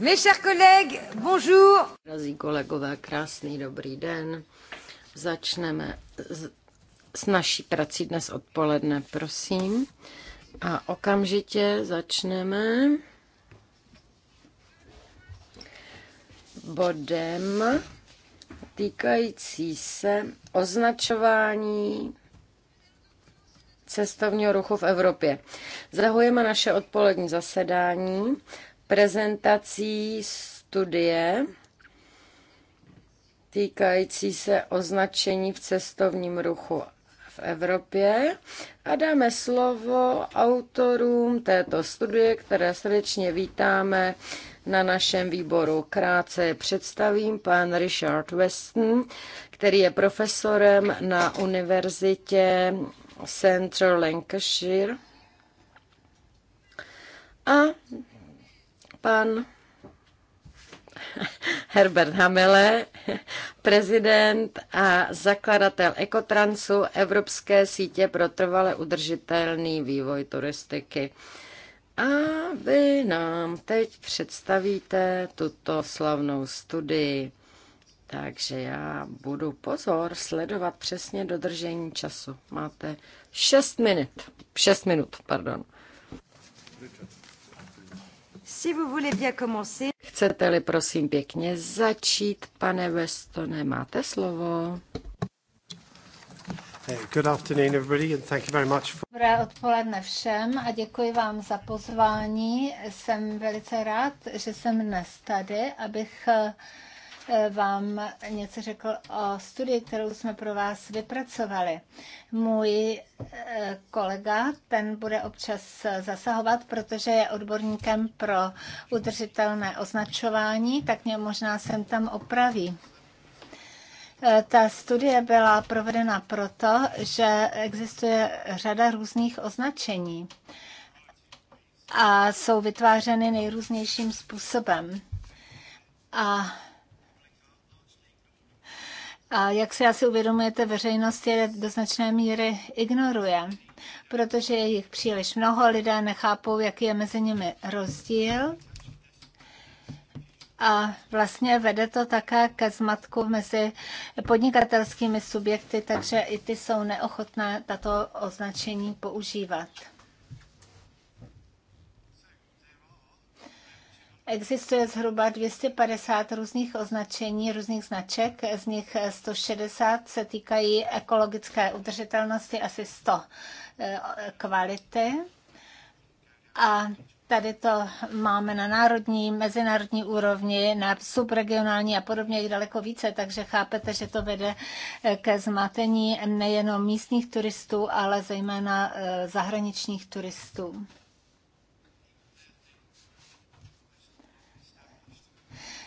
Mes chers collègues, bonjour. Drazí kolegové, krásný dobrý den. Začneme s naší prací dnes odpoledne, prosím. A okamžitě začneme bodem týkající se označování cestovního ruchu v Evropě. Zahujeme naše odpolední zasedání prezentací studie týkající se označení v cestovním ruchu v Evropě a dáme slovo autorům této studie, které srdečně vítáme na našem výboru. Krátce je představím pan Richard Weston, který je profesorem na univerzitě Central Lancashire a pan Herbert Hamele, prezident a zakladatel Ekotransu Evropské sítě pro trvale udržitelný vývoj turistiky. A vy nám teď představíte tuto slavnou studii. Takže já budu pozor sledovat přesně dodržení času. Máte 6 minut. 6 minut, pardon. Richard. Chcete-li prosím pěkně začít, pane Westone, máte slovo. Good afternoon everybody and thank you very much Dobré odpoledne všem a děkuji vám za pozvání. Jsem velice rád, že jsem dnes tady, abych eh, vám něco řekl o studii, kterou jsme pro vás vypracovali. Můj eh, kolega, ten bude občas zasahovat, protože je odborníkem pro udržitelné označování, tak mě možná sem tam opraví. Eh, ta studie byla provedena proto, že existuje řada různých označení a jsou vytvářeny nejrůznějším způsobem. A a jak si asi uvědomujete, veřejnost je do značné míry ignoruje, protože je jich příliš mnoho, lidé nechápou, jaký je mezi nimi rozdíl. A vlastně vede to také ke zmatku mezi podnikatelskými subjekty, takže i ty jsou neochotné tato označení používat. Existuje zhruba 250 různých označení, různých značek, z nich 160 se týkají ekologické udržitelnosti, asi 100 eh, kvality. A tady to máme na národní, mezinárodní úrovni, na subregionální a podobně i daleko více, takže chápete, že to vede eh, ke zmatení nejenom místních turistů, ale zejména eh, zahraničních turistů.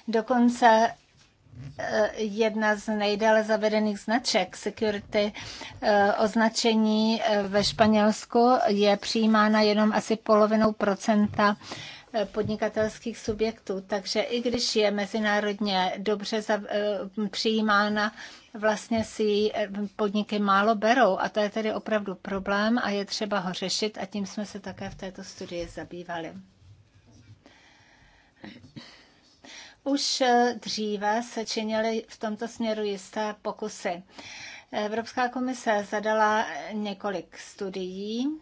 Dokonce eh, jedna z nejdále zavedených značek security eh, označení eh, ve Španělsku je přijímána jenom asi polovinou procenta podnikatelských subjektů. Takže i když je mezinárodně dobře přijímána, vlastně si podniky málo berou a to je tedy opravdu problém a je třeba ho řešit a tím jsme se také v této studii zabývali. Už eh, dříve se činily v tomto směru jisté pokusy. Evropská komise zadala několik studií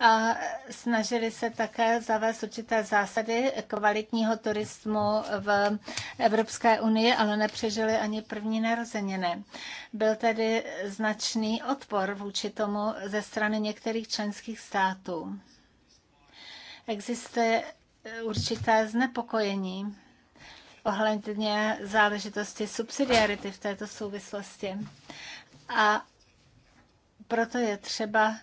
a snažili se také zavést určité zásady kvalitního turismu v Evropské unii, ale nepřežili ani první narozeniny. Byl tedy značný odpor vůči tomu ze strany některých členských států. Existuje určité znepokojení ohledně záležitosti subsidiarity v této souvislosti. A proto je třeba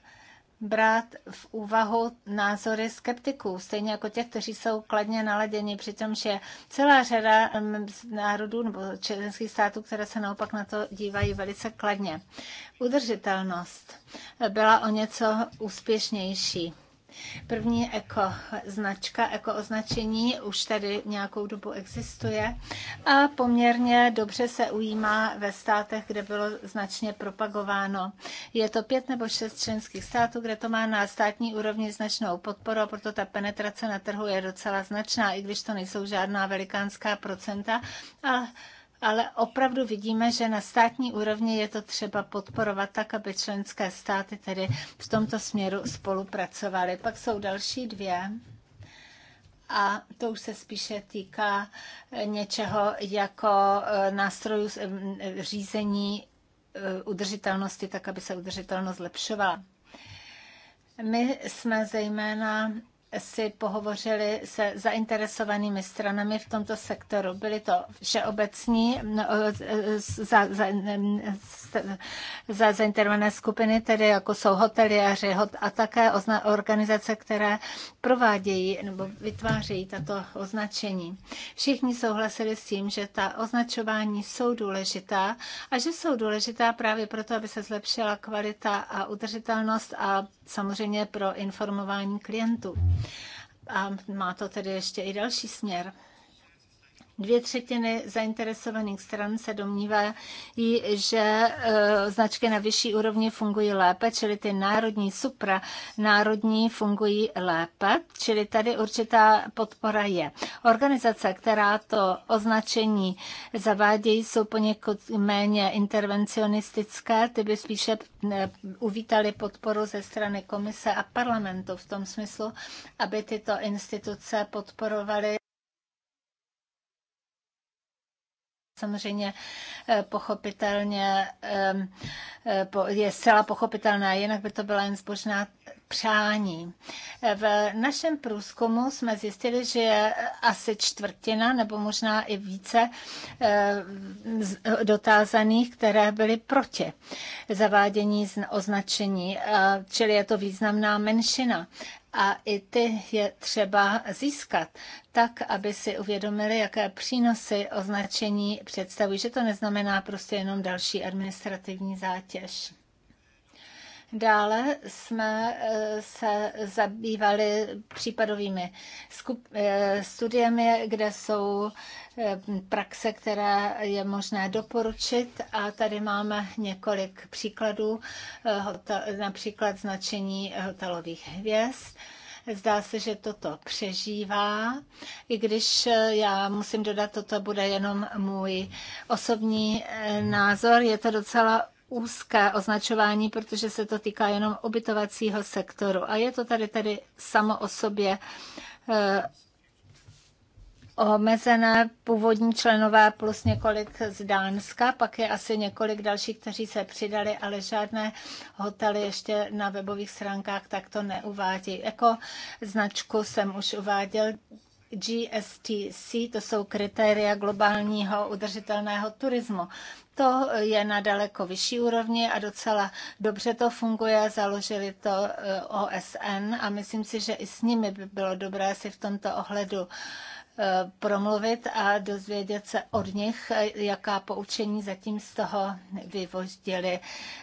brát v úvahu názory skeptiků, stejně jako těch, kteří jsou kladně naladěni, přičemž je celá řada národů nebo členských států, které se naopak na to dívají velice kladně. Udržitelnost byla o něco úspěšnější. První eko značka, eko označení už tady nějakou dobu existuje a poměrně dobře se ujímá ve státech, kde bylo značně propagováno. Je to pět nebo šest členských států, kde to má na státní úrovni značnou podporu a proto ta penetrace na trhu je docela značná, i když to nejsou žádná velikánská procenta, ale ale opravdu vidíme, že na státní úrovni je to třeba podporovat tak, aby členské státy tedy v tomto směru spolupracovaly. Pak jsou další dvě a to už se spíše týká eh, něčeho jako eh, nástrojů mm, eh, řízení udržitelnosti, tak aby se udržitelnost zlepšovala. My jsme zejména si pohovořili se zainteresovanými stranami v tomto sektoru. Byly to všeobecní no, za, za, za zainteresované skupiny, tedy jako jsou hoteliaři a také organizace, které provádějí nebo vytvářejí tato označení. Všichni souhlasili s tím, že ta označování jsou důležitá a že jsou důležitá právě proto, aby se zlepšila kvalita a udržitelnost a samozřejmě pro informování klientů. A má to tedy ještě i další směr. Dvě třetiny zainteresovaných stran se domnívají, že eh, značky na vyšší úrovni fungují lépe, čili ty národní supra národní fungují lépe, čili tady určitá podpora je. Organizace, která to označení zavádějí, jsou poněkud méně intervencionistické, ty by spíše eh, uvítali podporu ze strany komise a parlamentu v tom smyslu, aby tyto instituce podporovaly samozřejmě eh, pochopitelně eh, je zcela pochopitelná, jinak by to byla jen zbožná přání. Eh, v našem průzkumu jsme zjistili, že je asi čtvrtina nebo možná i více dotázaných, které byly proti zavádění označení, čili je to významná menšina a i ty je třeba získat, tak, aby si uvědomili, jaké přínosy označení představují, že to neznamená prostě jenom další administrativní zátěž. Dále jsme eh, se zabývali případovými eh, studiemi, kde jsou eh, praxe, které je možné doporučit. A tady máme několik příkladů, například značení hotelových hvězd. Zdá se, že toto přežívá, i když já musím dodat, toto bude jenom můj osobní názor. Je to docela úzké označování, protože se to týká jenom ubytovacího sektoru. A je to tady tady samo o sobě eh, omezené původní členové plus několik z Dánska, pak je asi několik dalších, kteří se přidali, ale žádné hotely ještě na webových stránkách tak to neuvádí. Jako značku jsem už uváděl GSTC, to jsou kritéria globálního udržitelného turismu. To je na daleko vyšší úrovni a docela dobře to funguje. Založili to eh, OSN a myslím si, že i s nimi by bylo dobré si v tomto ohledu Eh, promluvit a dozvědět se od nich, eh, jaká poučení zatím z toho vyvozdili.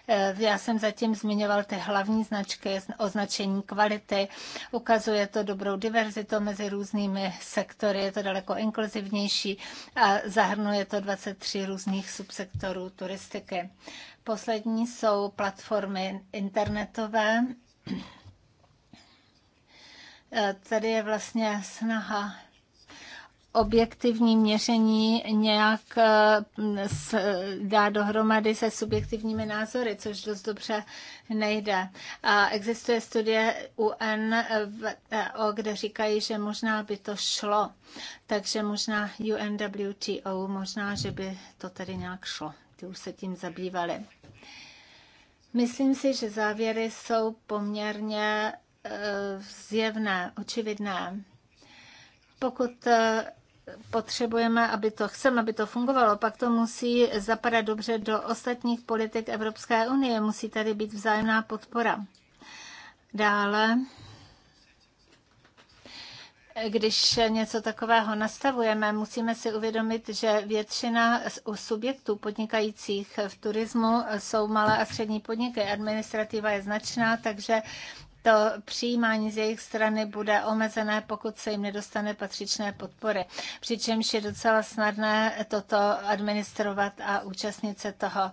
Eh, já jsem zatím zmiňoval ty hlavní značky, označení kvality. Ukazuje to dobrou diverzitu mezi různými sektory, je to daleko inkluzivnější a zahrnuje to 23 různých subsektorů turistiky. Poslední jsou platformy internetové. Tady je vlastně snaha objektivní měření nějak eh, dá dohromady se subjektivními názory, což dost dobře nejde. A existuje studie UN, eh, eh, kde říkají, že možná by to šlo. Takže možná UNWTO, možná, že by to tedy nějak šlo. Ty už se tím zabývali. Myslím si, že závěry jsou poměrně zjevné, očividné. Pokud potřebujeme, aby to chceme, aby to fungovalo, pak to musí zapadat dobře do ostatních politik Evropské unie. Musí tady být vzájemná podpora. Dále, když něco takového nastavujeme, musíme si uvědomit, že většina subjektů podnikajících v turismu jsou malé a střední podniky. Administrativa je značná, takže to přijímání z jejich strany bude omezené, pokud se jim nedostane patřičné podpory. Přičemž je docela snadné toto administrovat a účastnit se toho.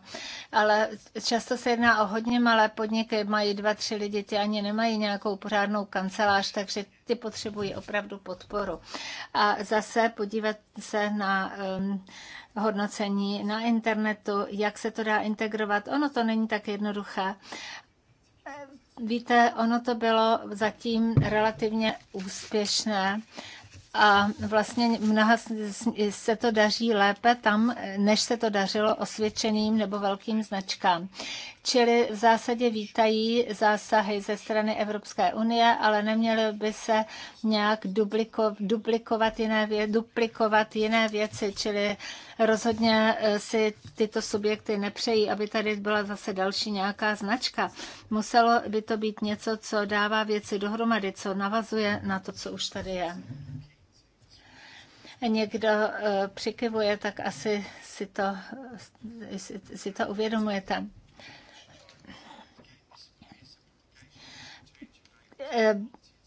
Ale často se jedná o hodně malé podniky, mají dva, tři lidi, ty ani nemají nějakou pořádnou kancelář, takže ty potřebují opravdu podporu. A zase podívat se na um, hodnocení na internetu, jak se to dá integrovat. Ono to není tak jednoduché, Víte, ono to bylo zatím relativně úspěšné a vlastně mnoha se to daří lépe tam, než se to dařilo osvědčeným nebo velkým značkám čili v zásadě vítají zásahy ze strany Evropské unie, ale neměly by se nějak dubliko, duplikovat, jiné vě, duplikovat jiné věci, čili rozhodně eh, si tyto subjekty nepřejí, aby tady byla zase další nějaká značka. Muselo by to být něco, co dává věci dohromady, co navazuje na to, co už tady je. Někdo eh, přikivuje, tak asi si to, eh, si to uvědomujete. Eh,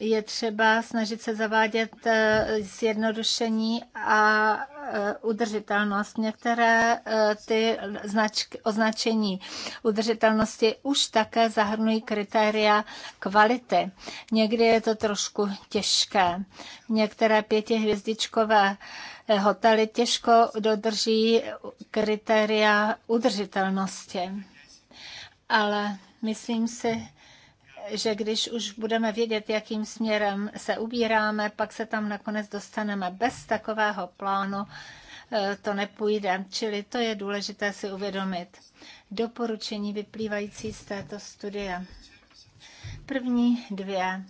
je třeba snažit se zavádět eh, zjednodušení a eh, udržitelnost. Některé ty značky, označení udržitelnosti už také zahrnují kritéria kvality. Někdy je to trošku těžké. Některé pětihvězdičkové hotely těžko dodrží kritéria udržitelnosti. Ale myslím si, že když už budeme vědět, jakým směrem se ubíráme, pak se tam nakonec dostaneme. Bez takového plánu eh, to nepůjde, čili to je důležité si uvědomit. Doporučení vyplývající z této studie. První dvě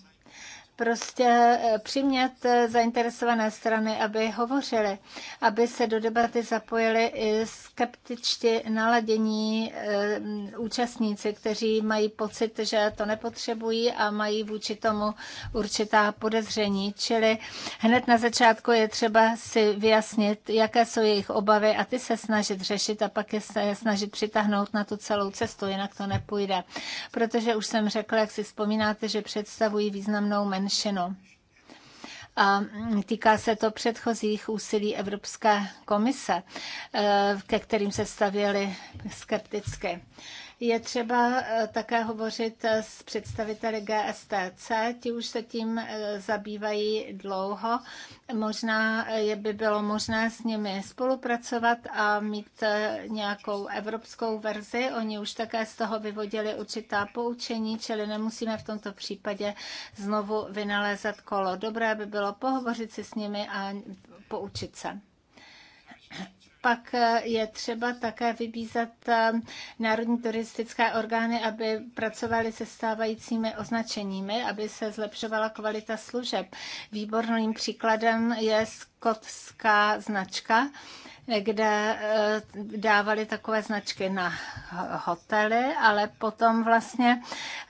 prostě eh, přimět eh, zainteresované strany, aby hovořili, aby se do debaty zapojili i skeptičtí naladění eh, účastníci, kteří mají pocit, že to nepotřebují a mají vůči tomu určitá podezření. Čili hned na začátku je třeba si vyjasnit, jaké jsou jejich obavy a ty se snažit řešit a pak je se snažit přitáhnout na tu celou cestu, jinak to nepůjde. Protože už jsem řekla, jak si vzpomínáte, že představují významnou menšinu menšinu. A mm, týká se to předchozích úsilí Evropské komise, eh, ke kterým se stavěli skepticky. Je třeba eh, také hovořit eh, s představiteli GSTC, ti už se tím eh, zabývají dlouho. Možná je by bylo možné s nimi spolupracovat a mít nějakou evropskou verzi. Oni už také z toho vyvodili určitá poučení, čili nemusíme v tomto případě znovu vynalézat kolo. Dobré by bylo pohovořit si s nimi a poučit se pak eh, je třeba také vybízat eh, národní turistické orgány, aby pracovali se stávajícími označeními, aby se zlepšovala kvalita služeb. Výborným příkladem je skotská značka, kde eh, dávali takové značky na hotely, ale potom vlastně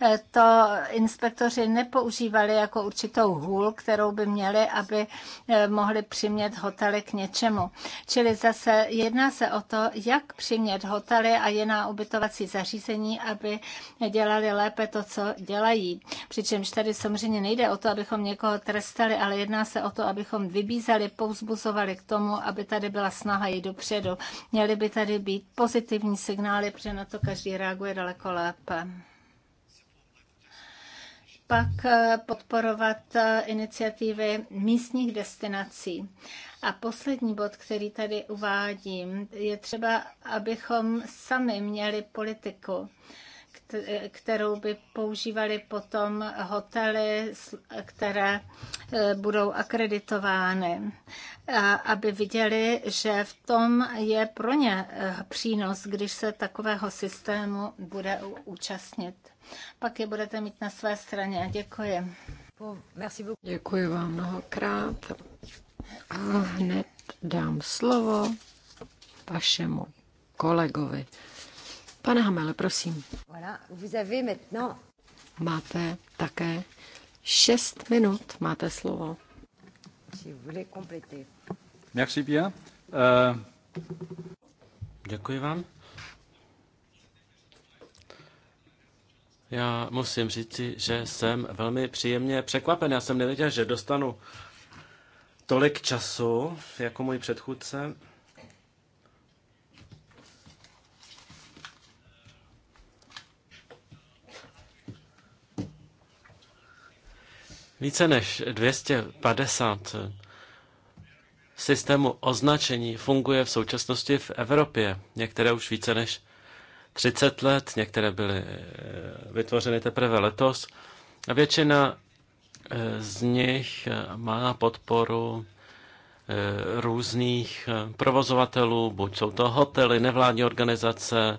eh, to inspektoři nepoužívali jako určitou hůl, kterou by měli, aby eh, mohli přimět hotely k něčemu. Čili zase jedná se o to, jak přimět hotely a jiná ubytovací zařízení, aby dělali lépe to, co dělají. Přičemž tady samozřejmě nejde o to, abychom někoho trestali, ale jedná se o to, abychom vybízeli, pouzbuzovali k tomu, aby tady byla snaha pomáhají dopředu. Měly by tady být pozitivní signály, protože na to každý reaguje daleko lépe pak eh, podporovat eh, iniciativy místních destinací. A poslední bod, který tady uvádím, je třeba, abychom sami měli politiku kterou by používali potom hotely, které eh, budou akreditovány, aby viděli, že v tom je pro ně eh, přínos, když se takového systému bude účastnit. Pak je budete mít na své straně. Děkuji. Děkuji vám mnohokrát. A hned dám slovo vašemu kolegovi. Pane Hamele, prosím. Máte také šest minut, máte slovo. Merci bien. Euh, Děkuji vám. Já musím říci, že jsem velmi příjemně překvapen. Já jsem nevěděl, že dostanu tolik času jako můj předchůdce. Více než 250 systémů označení funguje v současnosti v Evropě. Některé už více než 30 let, některé byly eh, vytvořeny teprve letos. A většina eh, z nich eh, má podporu různých provozovatelů, buď jsou to hotely, nevládní organizace,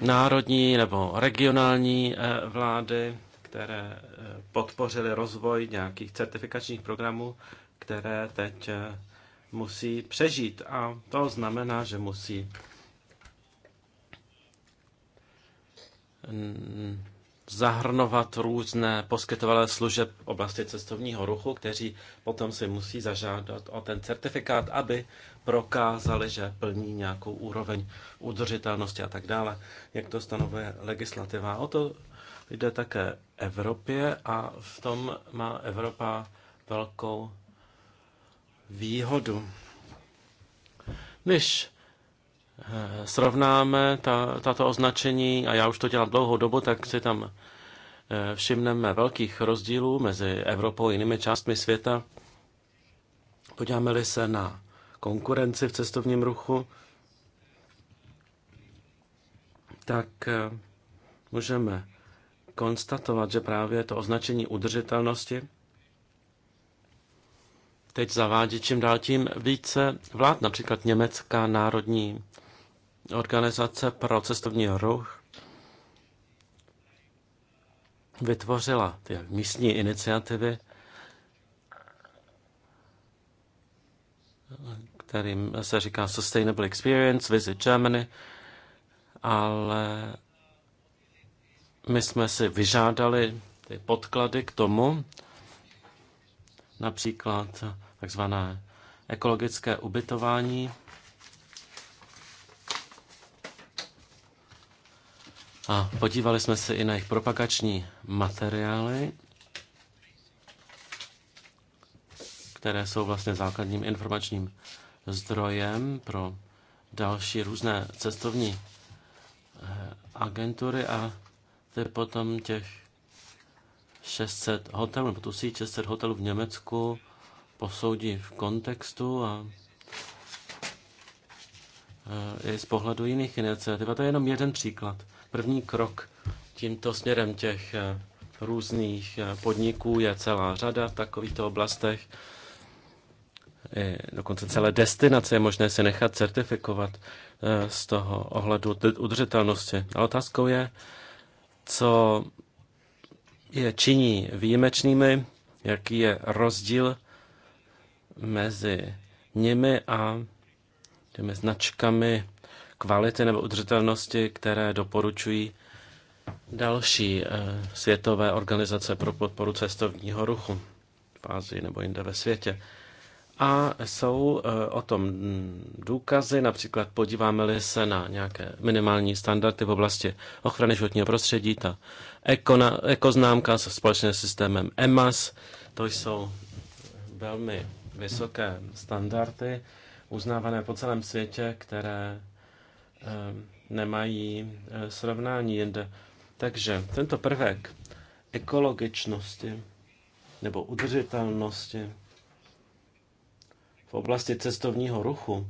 národní nebo regionální vlády které eh, podpořily rozvoj nějakých certifikačních programů, které teď eh, musí přežít. A to znamená, že musí mm, zahrnovat různé poskytovatele služeb v oblasti cestovního ruchu, kteří potom si musí zažádat o ten certifikát, aby prokázali, že plní nějakou úroveň udržitelnosti a tak dále, jak to stanovuje legislativa. O to jde také Evropě a v tom má Evropa velkou výhodu. Když eh, srovnáme ta, tato označení, a já už to dělám dlouhou dobu, tak si tam eh, všimneme velkých rozdílů mezi Evropou a jinými částmi světa. Podíváme-li se na konkurenci v cestovním ruchu, tak eh, můžeme konstatovat, že právě to označení udržitelnosti teď zavádí čím dál tím více vlád, například Německá národní organizace pro cestovní ruch vytvořila ty místní iniciativy, kterým se říká Sustainable Experience, Visit Germany, ale my jsme si vyžádali ty podklady k tomu, například takzvané ekologické ubytování. A podívali jsme se i na jejich propagační materiály, které jsou vlastně základním informačním zdrojem pro další různé cestovní eh, agentury a potom těch 600 hotelů, nebo tu síť 600 hotelů v Německu posoudí v kontextu a e, i z pohledu jiných iniciativ. A to je jenom jeden příklad. První krok tímto směrem těch e, různých e, podniků je celá řada v takovýchto oblastech. I dokonce celé destinace je možné si nechat certifikovat z toho ohledu udržitelnosti. A otázkou je, co je činí výjimečnými, jaký je rozdíl mezi nimi a těmi značkami kvality nebo udržitelnosti, které doporučují další eh, světové organizace pro podporu cestovního ruchu v Ázii nebo jinde ve světě. A jsou eh, o tom důkazy, například podíváme-li se na nějaké minimální standardy v oblasti ochrany životního prostředí, ta ekoznámka se společným systémem EMAS, to jsou velmi vysoké standardy, uznávané po celém světě, které eh, nemají eh, srovnání jinde. Takže tento prvek ekologičnosti nebo udržitelnosti v oblasti cestovního ruchu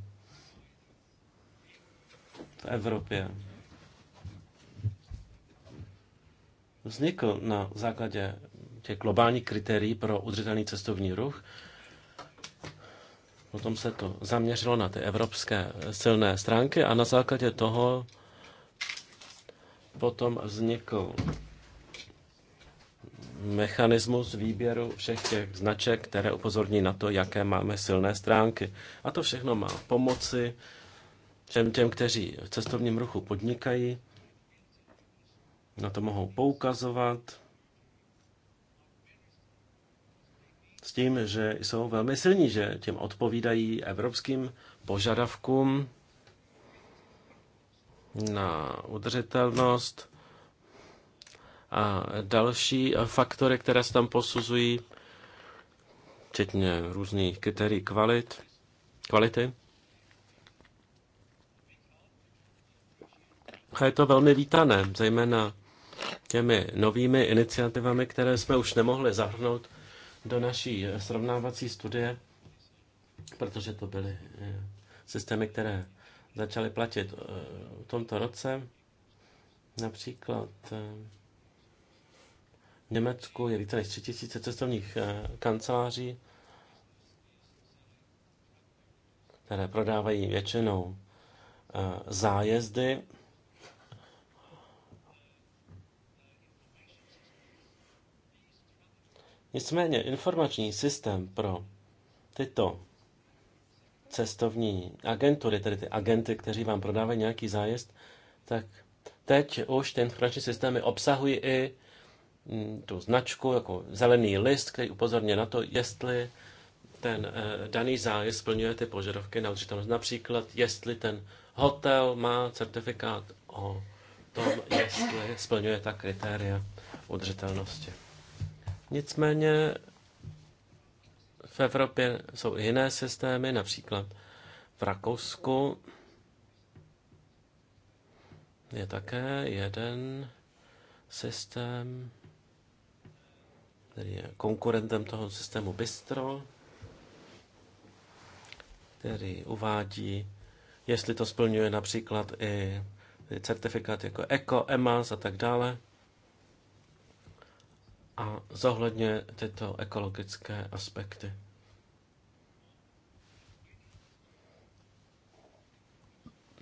v Evropě vznikl na základě těch globálních kritérií pro udržitelný cestovní ruch. Potom se to zaměřilo na ty evropské silné stránky a na základě toho potom vznikl mechanismus výběru všech těch značek, které upozorní na to, jaké máme silné stránky. A to všechno má pomoci všem těm, kteří v cestovním ruchu podnikají, na to mohou poukazovat s tím, že jsou velmi silní, že těm odpovídají evropským požadavkům na udržitelnost, a další faktory, které se tam posuzují, včetně různých kritérií kvalit, kvality. A je to velmi vítané, zejména těmi novými iniciativami, které jsme už nemohli zahrnout do naší srovnávací studie, protože to byly eh, systémy, které začaly platit eh, v tomto roce. Například eh, Německu je více než 3000 cestovních eh, kanceláří, které prodávají většinou eh, zájezdy. Nicméně informační systém pro tyto cestovní agentury, tedy ty agenty, kteří vám prodávají nějaký zájezd, tak teď už ten informační systémy obsahují i Mm, tu značku, jako zelený list, který upozorně na to, jestli ten eh, daný zájezd splňuje ty požadavky na udržitelnost. Například, jestli ten hotel má certifikát o tom, jestli splňuje ta kritéria udržitelnosti. Nicméně v Evropě jsou i jiné systémy, například v Rakousku je také jeden systém, který je konkurentem toho systému Bistro, který uvádí, jestli to splňuje například i certifikát jako ECO, EMAS a tak dále a zohledňuje tyto ekologické aspekty.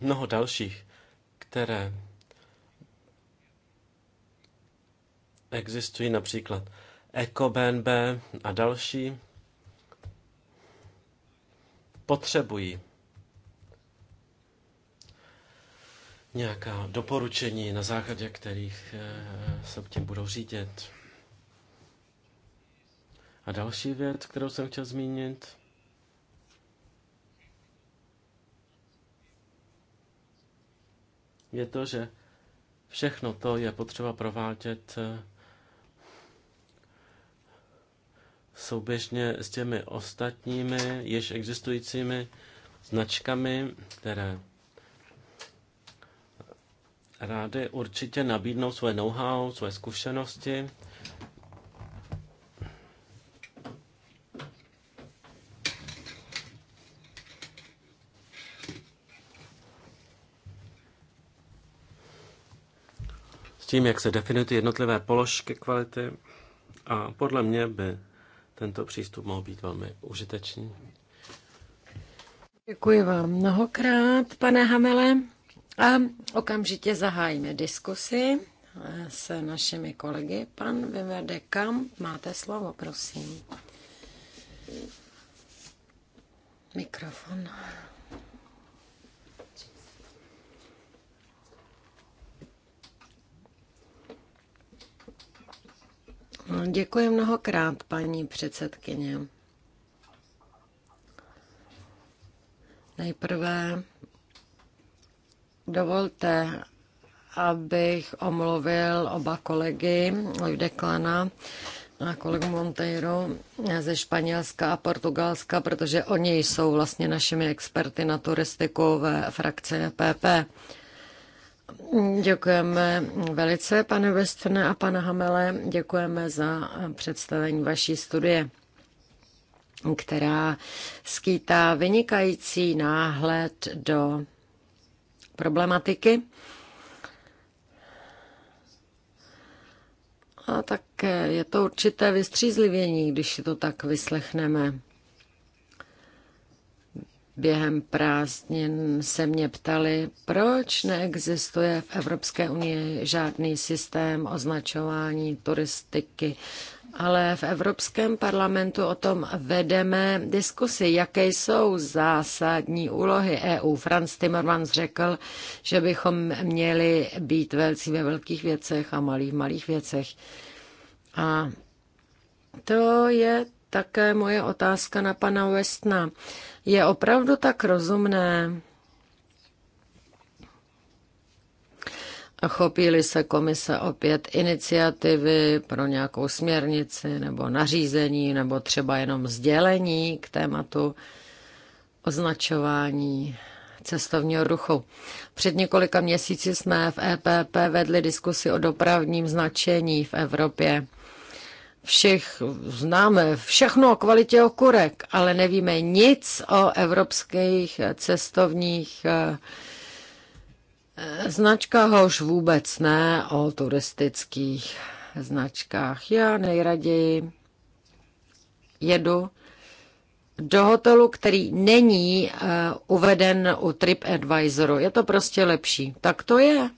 Mnoho dalších, které existují například BNB a další potřebují nějaká doporučení, na základě kterých eh, se tím budou řídit. A další věc, kterou jsem chtěl zmínit, je to, že všechno to je potřeba provádět eh, souběžně s těmi ostatními již existujícími značkami, které rády určitě nabídnou své know-how, své zkušenosti. S tím, jak se definují jednotlivé položky kvality. A podle mě by tento přístup mohl být velmi užitečný. Děkuji vám mnohokrát, pane Hamele. A okamžitě zahájíme diskusi s našimi kolegy. Pan Vyvede Kam, máte slovo, prosím. Mikrofon. Děkuji mnohokrát, paní předsedkyně. Nejprve dovolte, abych omluvil oba kolegy, Klana a kolegu Monteiro ze Španělska a Portugalska, protože oni jsou vlastně našimi experty na turistiku ve frakci PP. E Děkujeme velice, pane Westerne a pana Hamele. Děkujeme za představení vaší studie která skýtá vynikající náhled do problematiky a také je to určité vystřízlivění, když si to tak vyslechneme během prázdnin se mě ptali, proč neexistuje v Evropské unii žádný systém označování turistiky. Ale v Evropském parlamentu o tom vedeme diskusy, jaké jsou zásadní úlohy EU. Franz Timmermans řekl, že bychom měli být velcí ve velkých věcech a malých v malých věcech. A to je také moje otázka na pana Westna. Je opravdu tak rozumné, chopili se komise opět iniciativy pro nějakou směrnici nebo nařízení nebo třeba jenom sdělení k tématu označování cestovního ruchu. Před několika měsíci jsme v EPP vedli diskusi o dopravním značení v Evropě všech známe všechno o kvalitě okurek, ale nevíme nic o evropských cestovních eh, eh, značkách, už vůbec ne o turistických značkách. Já nejraději jedu do hotelu, který není eh, uveden u TripAdvisoru. Je to prostě lepší. Tak to je.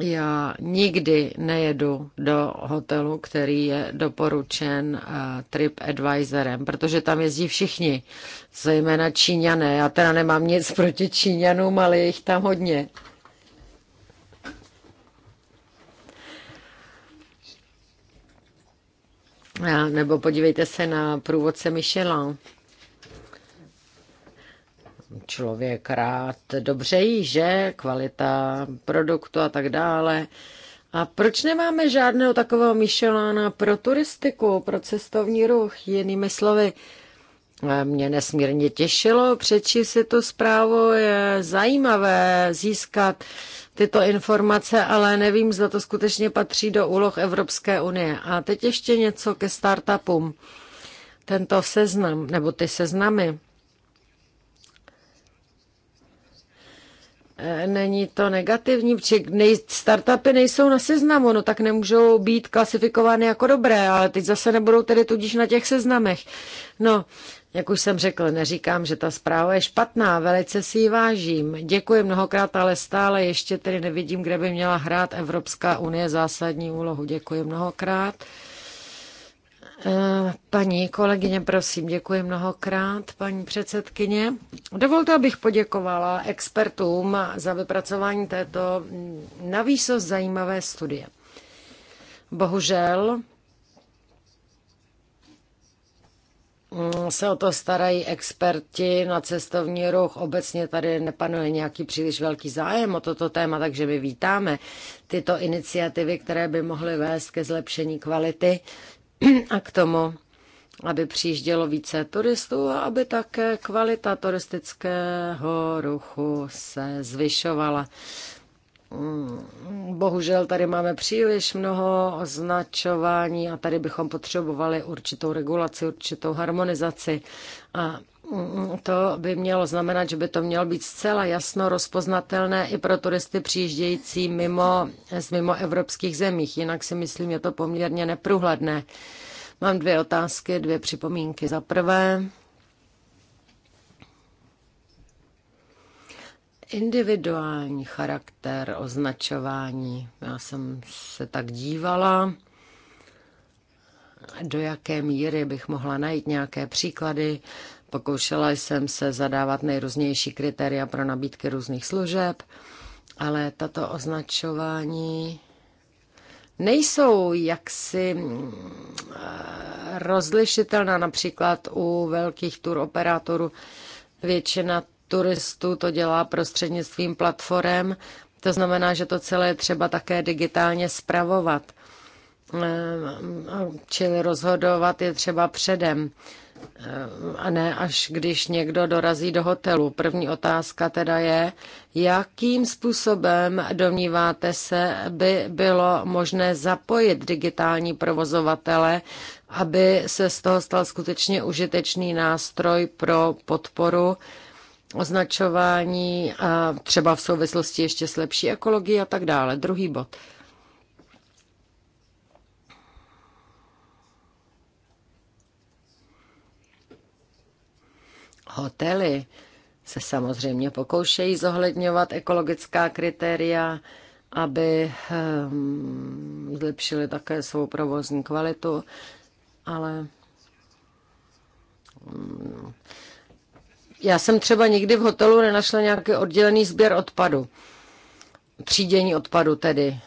Já nikdy nejedu do hotelu, který je doporučen eh, Trip Advisorem, protože tam jezdí všichni, zejména Číňané. Já teda nemám nic proti Číňanům, ale je jich tam hodně. Eh, nebo podívejte se na průvodce Michelin člověk rád. Dobře jí, že? Kvalita produktu a tak dále. A proč nemáme žádného takového Michelana pro turistiku, pro cestovní ruch? Jinými slovy, mě nesmírně těšilo přečíst si tu zprávu. Je zajímavé získat tyto informace, ale nevím, zda to skutečně patří do úloh Evropské unie. A teď ještě něco ke startupům. Tento seznam, nebo ty seznamy, Není to negativní, protože nej, startupy nejsou na seznamu, no tak nemůžou být klasifikovány jako dobré, ale teď zase nebudou tedy tudíž na těch seznamech. No, jak už jsem řekl, neříkám, že ta zpráva je špatná, velice si ji vážím. Děkuji mnohokrát, ale stále ještě tedy nevidím, kde by měla hrát Evropská unie zásadní úlohu. Děkuji mnohokrát. Paní kolegyně, prosím, děkuji mnohokrát, paní předsedkyně. Dovolte, abych poděkovala expertům za vypracování této navýso zajímavé studie. Bohužel se o to starají experti na cestovní ruch. Obecně tady nepanuje nějaký příliš velký zájem o toto téma, takže my vítáme tyto iniciativy, které by mohly vést ke zlepšení kvality a k tomu, aby přijíždělo více turistů a aby také kvalita turistického ruchu se zvyšovala. Mm, bohužel tady máme příliš mnoho označování a tady bychom potřebovali určitou regulaci, určitou harmonizaci. A to by mělo znamenat, že by to mělo být zcela jasno rozpoznatelné i pro turisty přijíždějící mimo, z mimo evropských zemích. Jinak si myslím, je to poměrně neprůhledné. Mám dvě otázky, dvě připomínky. Za prvé, individuální charakter označování. Já jsem se tak dívala, do jaké míry bych mohla najít nějaké příklady Pokoušela jsem se zadávat nejrůznější kritéria pro nabídky různých služeb, ale tato označování nejsou jaksi eh, rozlišitelná například u velkých tur operátorů. Většina turistů to dělá prostřednictvím platform, to znamená, že to celé je třeba také digitálně spravovat, eh, čili rozhodovat je třeba předem a ne až když někdo dorazí do hotelu. První otázka teda je, jakým způsobem, domníváte se, by bylo možné zapojit digitální provozovatele, aby se z toho stal skutečně užitečný nástroj pro podporu označování, a třeba v souvislosti ještě s lepší ekologií a tak dále. Druhý bod. Hotely se samozřejmě pokoušejí zohledňovat ekologická kritéria, aby ehm, zlepšili také svou provozní kvalitu, ale mm, já jsem třeba nikdy v hotelu nenašla nějaký oddělený sběr odpadu. Třídění odpadu tedy.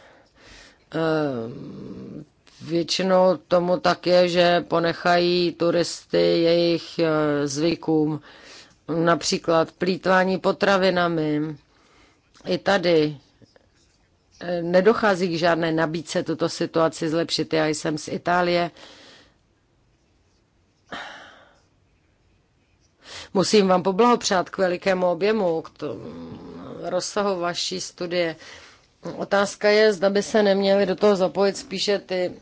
Ehm, Většinou tomu tak je, že ponechají turisty jejich eh, zvykům, například plítvání potravinami. I tady eh, nedochází k žádné nabídce tuto situaci zlepšit. Já jsem z Itálie. Musím vám poblahopřát k velikému objemu, k tomu rozsahu vaší studie. Otázka je, zda by se neměly do toho zapojit spíše ty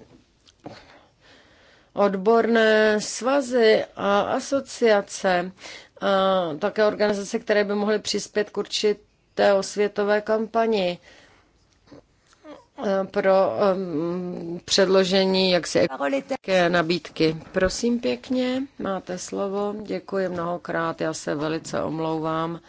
odborné svazy a asociace, a také organizace, které by mohly přispět k určité osvětové kampani eh, pro um, předložení jaksi ekologické nabídky. Prosím pěkně, máte slovo. Děkuji mnohokrát, já se velice omlouvám.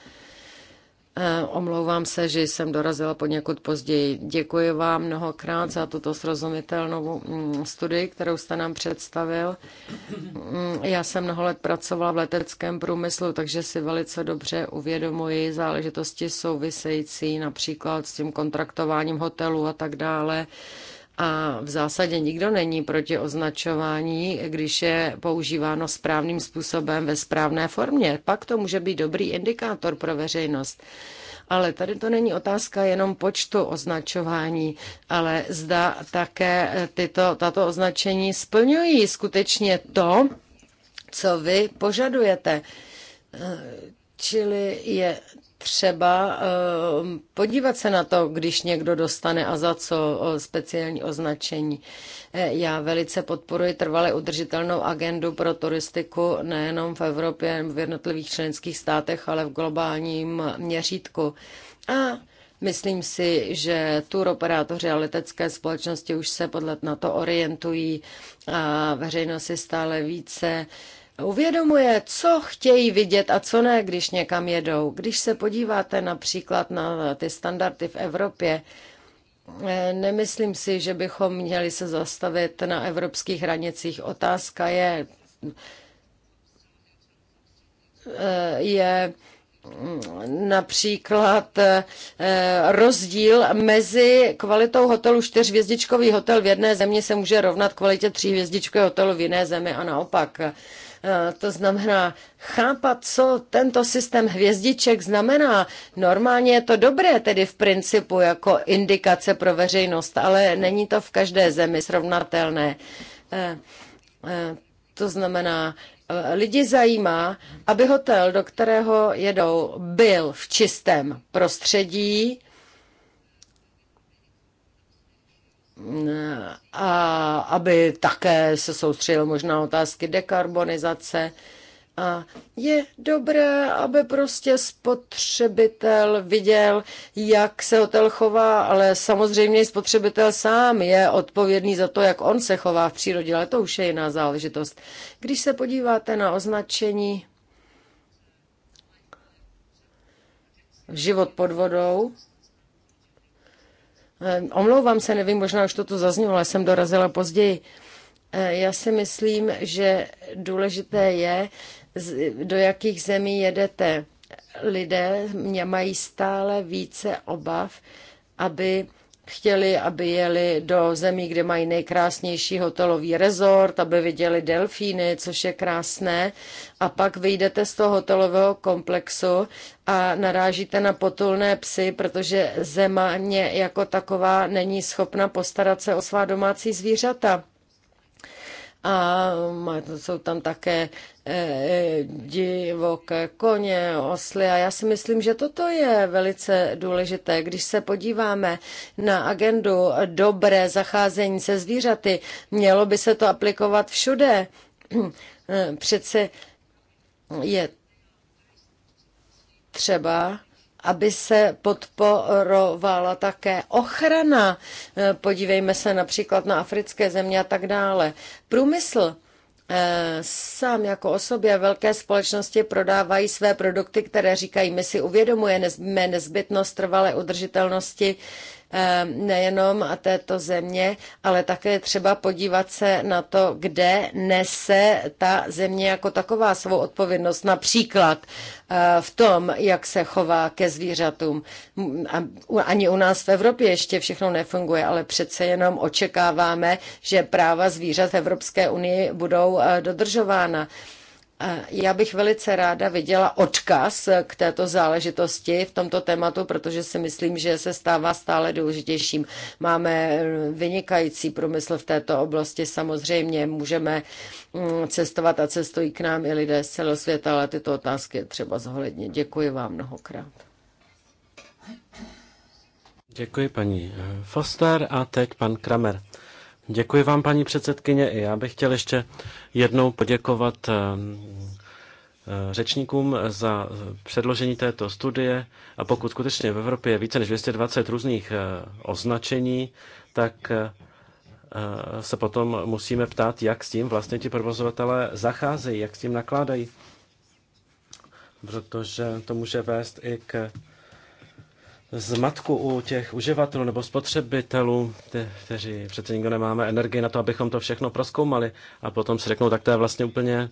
Eh, omlouvám se, že jsem dorazila poněkud později. Děkuji vám mnohokrát za tuto srozumitelnou mm, studii, kterou jste nám představil. Mm, já jsem mnoho let pracovala v leteckém průmyslu, takže si velice dobře uvědomuji záležitosti související například s tím kontraktováním hotelů a tak dále a v zásadě nikdo není proti označování, když je používáno správným způsobem ve správné formě. Pak to může být dobrý indikátor pro veřejnost. Ale tady to není otázka jenom počtu označování, ale zda také tyto, tato označení splňují skutečně to, co vy požadujete. Čili je třeba eh, podívat se na to, když někdo dostane a za co speciální označení. Eh, já velice podporuji trvale udržitelnou agendu pro turistiku nejenom v Evropě, v jednotlivých členských státech, ale v globálním měřítku. A Myslím si, že operátoři a letecké společnosti už se podle na to orientují a veřejnost si stále více uvědomuje, co chtějí vidět a co ne, když někam jedou. Když se podíváte například na ty standardy v Evropě, eh, nemyslím si, že bychom měli se zastavit na evropských hranicích. Otázka je, eh, je mm, například eh, rozdíl mezi kvalitou hotelu čtyřvězdičkový hotel v jedné zemi se může rovnat kvalitě tříhvězdičkového hotelu v jiné zemi a naopak. Eh, to znamená chápat, co tento systém hvězdiček znamená. Normálně je to dobré, tedy v principu jako indikace pro veřejnost, ale není to v každé zemi srovnatelné. Eh, eh, to znamená, lidi zajímá, aby hotel, do kterého jedou, byl v čistém prostředí, a aby také se soustředil možná otázky dekarbonizace. A je dobré, aby prostě spotřebitel viděl, jak se hotel chová, ale samozřejmě spotřebitel sám je odpovědný za to, jak on se chová v přírodě, ale to už je jiná záležitost. Když se podíváte na označení život pod vodou, Eh, omlouvám se, nevím, možná už to zaznělo, ale jsem dorazila později. Eh, já si myslím, že důležité je, do jakých zemí jedete. Lidé mě mají stále více obav, aby chtěli, aby jeli do zemí, kde mají nejkrásnější hotelový rezort, aby viděli delfíny, což je krásné. A pak vyjdete z toho hotelového komplexu a narážíte na potulné psy, protože země jako taková není schopna postarat se o svá domácí zvířata a jsou tam také e, divoké koně, osly a já si myslím, že toto je velice důležité. Když se podíváme na agendu dobré zacházení se zvířaty, mělo by se to aplikovat všude. E, přece je třeba aby se podporovala také ochrana. Eh, podívejme se například na africké země a tak dále. Průmysl eh, sám jako osobě velké společnosti prodávají své produkty, které říkají, my si uvědomujeme nezbytnost trvalé udržitelnosti Ehm, nejenom této země, ale také třeba podívat se na to, kde nese ta země jako taková svou odpovědnost. Například eh, v tom, jak se chová ke zvířatům. Ani u nás v Evropě ještě všechno nefunguje, ale přece jenom očekáváme, že práva zvířat v Evropské unii budou eh, dodržována. Já bych velice ráda viděla odkaz k této záležitosti v tomto tématu, protože si myslím, že se stává stále důležitějším. Máme vynikající průmysl v této oblasti, samozřejmě můžeme mm, cestovat a cestují k nám i lidé z celého světa, ale tyto otázky je třeba zohlednit. Děkuji vám mnohokrát. Děkuji paní eh, Foster a teď pan Kramer. Děkuji vám, paní předsedkyně. I já bych chtěl ještě jednou poděkovat eh, eh, řečníkům za předložení této studie. A pokud skutečně v Evropě je více než 220 různých eh, označení, tak se potom musíme ptát, jak s tím vlastně ti provozovatelé zacházejí, jak s tím nakládají. Protože to může vést i k zmatku u těch uživatelů nebo spotřebitelů, kteří přece nikdo nemáme energii na to, abychom to všechno proskoumali a potom si řeknou, tak to je vlastně úplně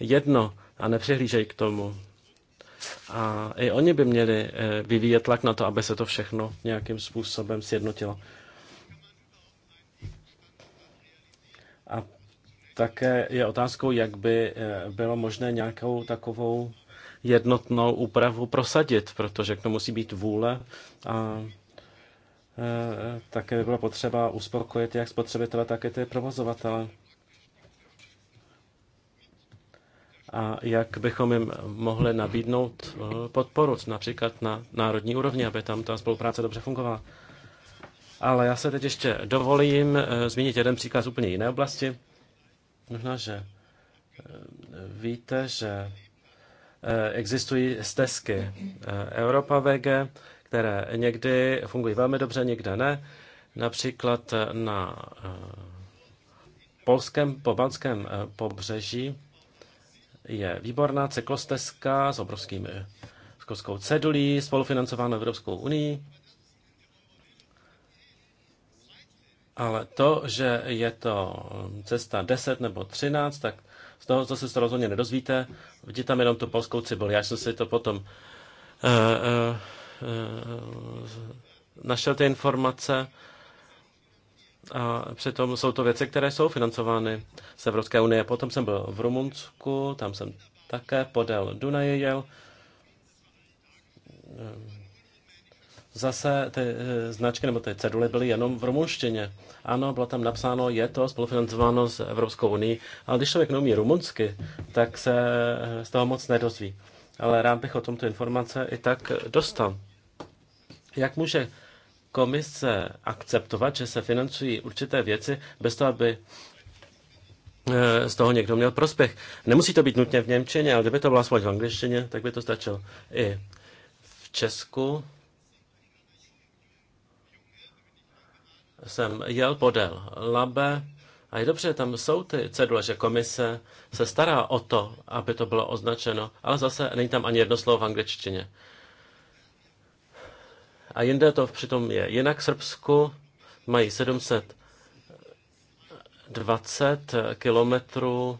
jedno a nepřihlížej k tomu. A i oni by měli eh, vyvíjet tlak na to, aby se to všechno nějakým způsobem sjednotilo. A také je otázkou, jak by eh, bylo možné nějakou takovou jednotnou úpravu prosadit, protože k tomu musí být vůle a e, také by bylo potřeba uspokojit jak spotřebitele, tak i ty provozovatele. A jak bychom jim mohli nabídnout e, podporu, například na národní úrovni, aby tam ta spolupráce dobře fungovala. Ale já se teď ještě dovolím e, zmínit jeden příklad z úplně jiné oblasti. Možná, že víte, že Eh, existují stezky eh, Europa VG, které někdy fungují velmi dobře, někde ne. Například eh, na polském pobalském pobřeží je výborná cyklostezka s obrovskými skoskou cedulí, spolufinancovanou Evropskou unii. Ale to, že je to cesta 10 nebo 13, tak z toho, co se to rozhodně nedozvíte, vidíte tam jenom tu polskou cibuli. Já jsem si to potom uh, uh, uh, našel ty informace a přitom jsou to věci, které jsou financovány z Evropské unie. Potom jsem byl v Rumunsku, tam jsem také podél Dunaje jel. Um, zase ty eh, značky nebo ty ceduly byly jenom v rumunštině. Ano, bylo tam napsáno, je to spolufinancováno s Evropskou unii, ale když člověk neumí rumunsky, tak se eh, z toho moc nedozví. Ale rád bych o tomto informace i tak dostal. Jak může komise akceptovat, že se financují určité věci bez toho, aby eh, z toho někdo měl prospěch. Nemusí to být nutně v Němčině, ale kdyby to bylo aspoň v angličtině, tak by to stačilo. I v Česku jsem jel podél Labe a je dobře, tam jsou ty cedule, že komise se stará o to, aby to bylo označeno, ale zase není tam ani jedno slovo v angličtině. A jinde to přitom je. Jinak v Srbsku mají 720 kilometrů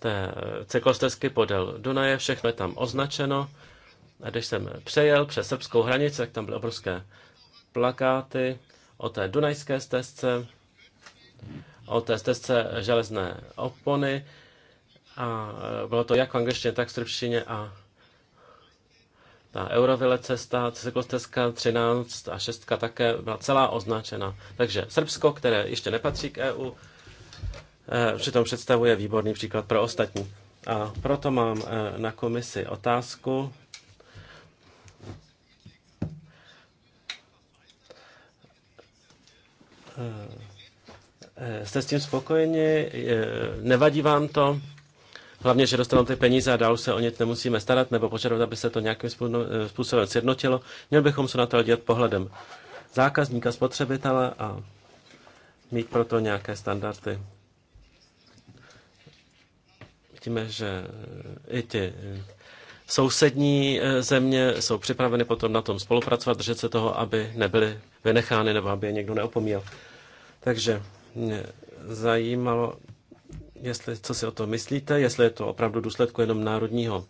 té cyklostezky podél Dunaje, všechno je tam označeno. A když jsem přejel přes srbskou hranici, tak tam byly obrovské plakáty, o té Dunajské stezce, o té stezce železné opony a e, bylo to jak v angličtině, tak v srbštině a ta Eurovile cesta, cyklostezka 13 a 6 také byla celá označena. Takže Srbsko, které ještě nepatří k EU, e, přitom představuje výborný příklad pro ostatní. A proto mám e, na komisi otázku, Eh, eh, jste s tím spokojeni? Nevadí vám to? Hlavně, že dostanou ty peníze a dál se o ně nemusíme starat, nebo požadovat, aby se to nějakým způsobem eh, sjednotilo. Měli bychom se na to dělat pohledem zákazníka, spotřebitele a mít proto nějaké standardy. Vidíme, že i ty sousední země jsou připraveny potom na tom spolupracovat, držet se toho, aby nebyly vynechány nebo aby je někdo neopomíjel. Takže mě zajímalo, jestli, co si o to myslíte, jestli je to opravdu důsledku jenom národního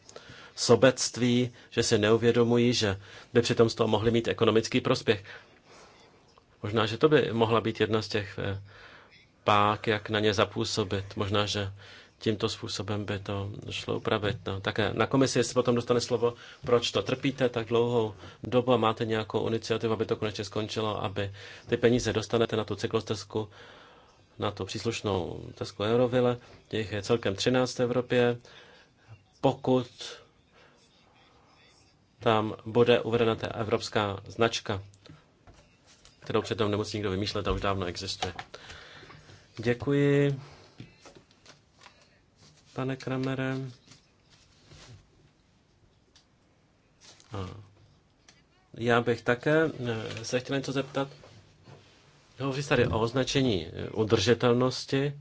sobectví, že si neuvědomují, že by přitom z toho mohli mít ekonomický prospěch. Možná, že to by mohla být jedna z těch eh, pák, jak na ně zapůsobit. Možná, že tímto způsobem by to šlo upravit. No, Tak na komisi, jestli potom dostane slovo, proč to trpíte tak dlouhou dobu a máte nějakou iniciativu, aby to konečně skončilo, aby ty peníze dostanete na tu cyklostezku, na tu příslušnou tesku Euroville. Těch je celkem 13 v Evropě. Pokud tam bude uvedena ta evropská značka, kterou předtím nemusí nikdo vymýšlet a už dávno existuje. Děkuji pane Kramere. A já bych také eh, se chtěl něco zeptat. Hovoří tady o označení eh, udržitelnosti,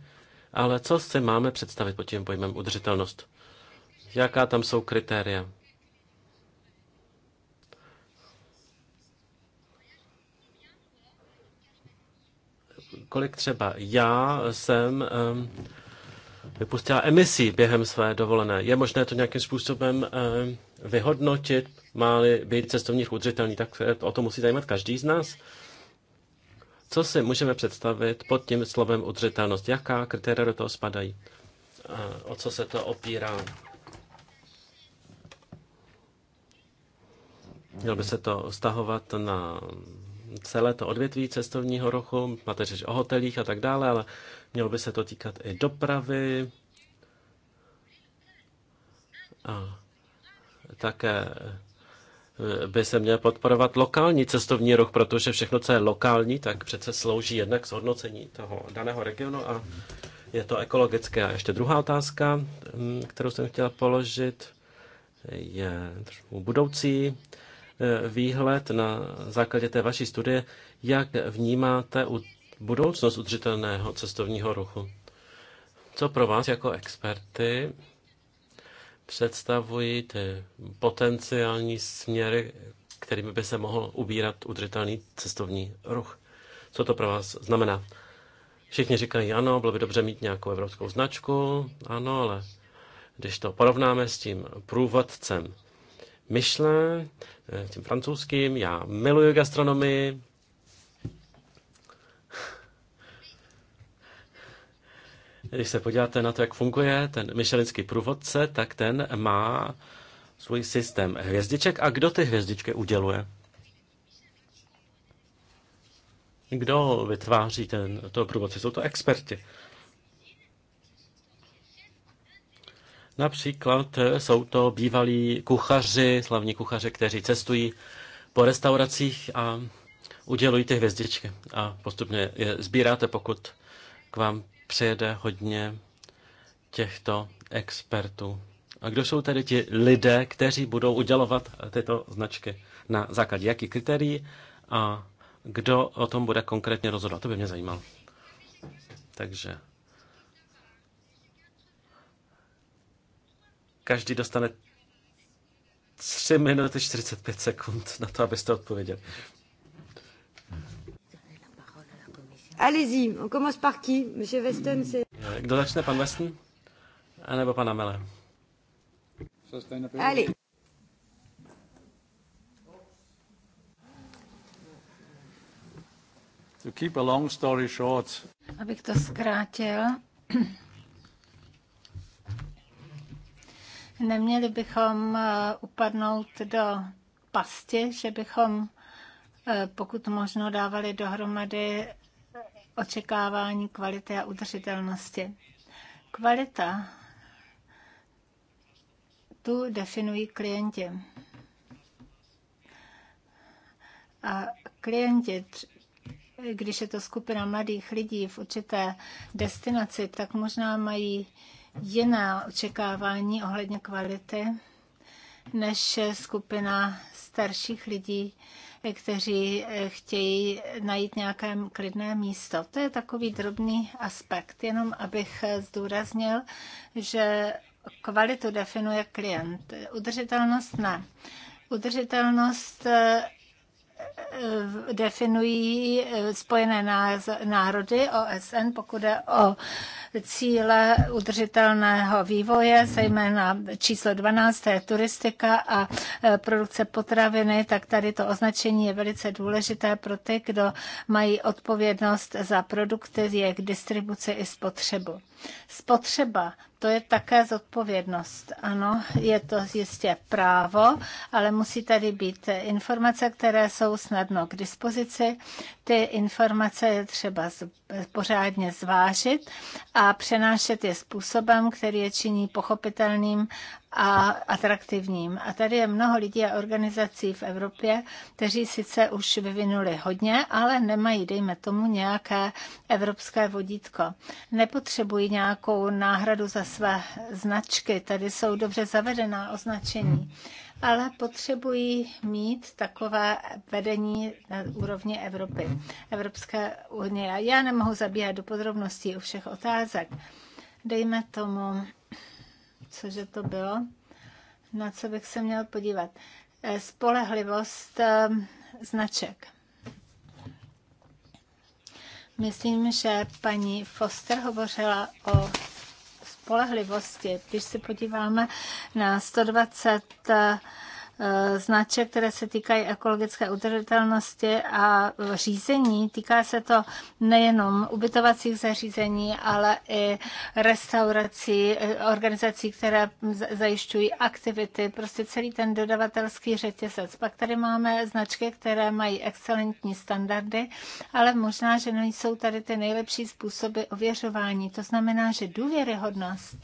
ale co si máme představit pod tím pojmem udržitelnost? Jaká tam jsou kritéria? Kolik třeba já jsem eh, vypustila emisí během své dovolené. Je možné to nějakým způsobem eh, vyhodnotit, má-li být cestovní ruch udržitelný, tak o to musí zajímat každý z nás. Co si můžeme představit pod tím slovem udržitelnost? Jaká kritéria do toho spadají? O co se to opírá? Mělo by se to stahovat na celé to odvětví cestovního ruchu, máte řeč o hotelích a tak dále, ale mělo by se to týkat i dopravy a také eh, by se měl podporovat lokální cestovní ruch, protože všechno, co je lokální, tak přece slouží jednak zhodnocení toho daného regionu a je to ekologické. A ještě druhá otázka, mm, kterou jsem chtěla položit, je budoucí Eh, výhled na základě té vaší studie, jak vnímáte budoucnost udržitelného cestovního ruchu. Co pro vás jako experty představují ty potenciální směry, kterými by se mohl ubírat udržitelný cestovní ruch? Co to pro vás znamená? Všichni říkají, ano, bylo by dobře mít nějakou evropskou značku, ano, ale když to porovnáme s tím průvodcem myšle, eh, tím francouzským. Já miluji gastronomii. Když se podíváte na to, jak funguje ten myšelinský průvodce, tak ten má svůj systém hvězdiček. A kdo ty hvězdičky uděluje? Kdo vytváří ten, toho průvodce? Jsou to experti. Například eh, jsou to bývalí kuchaři, slavní kuchaři, kteří cestují po restauracích a udělují ty hvězdičky a postupně je sbíráte, pokud k vám přijede hodně těchto expertů. A kdo jsou tedy ti lidé, kteří budou udělovat tyto značky? Na základě jakých kritérií a kdo o tom bude konkrétně rozhodovat? To by mě zajímalo. Takže Každý dostane 3 minuty 45 sekund na to, abyste odpověděli. Allez-y, on commence par qui? Monsieur Weston, c'est... Eh, kdo začne, pan Weston? A nebo pan Amele? Allez. To keep a long story short. Abych to zkrátil, Neměli bychom eh, upadnout do pasti, že bychom eh, pokud možno dávali dohromady očekávání kvality a udržitelnosti. Kvalita tu definují klienti. A klienti, když je to skupina mladých lidí v určité destinaci, tak možná mají jiná očekávání ohledně kvality než skupina starších lidí, kteří eh, chtějí najít nějaké klidné místo. To je takový drobný aspekt, jenom abych eh, zdůraznil, že kvalitu definuje klient, udržitelnost ne. Udržitelnost eh, definují eh, Spojené národy OSN, pokud je o cíle udržitelného vývoje, zejména číslo 12, to je turistika a eh, produkce potraviny, tak tady to označení je velice důležité pro ty, kdo mají odpovědnost za produkty, jejich distribuci i spotřebu. Spotřeba to je také zodpovědnost. Ano, je to jistě právo, ale musí tady být informace, které jsou snadno k dispozici. Ty informace je třeba pořádně zvážit a přenášet je způsobem, který je činí pochopitelným a atraktivním. A tady je mnoho lidí a organizací v Evropě, kteří sice už vyvinuli hodně, ale nemají, dejme tomu, nějaké evropské vodítko. Nepotřebují nějakou náhradu za své značky, tady jsou dobře zavedená označení, ale potřebují mít takové vedení na úrovni Evropy, Evropské unie. Já nemohu zabíhat do podrobností u všech otázek. Dejme tomu, cože to bylo, na co bych se měl podívat. Eh, spolehlivost eh, značek. Myslím, že paní Foster hovořila o spolehlivosti. Když se podíváme na 120 Eh, značek, které se týkají ekologické udržitelnosti a řízení. Týká se to nejenom ubytovacích zařízení, ale i restaurací, eh, organizací, které zajišťují aktivity, prostě celý ten dodavatelský řetězec. Pak tady máme značky, které mají excelentní standardy, ale možná, že nejsou tady ty nejlepší způsoby ověřování. To znamená, že důvěryhodnost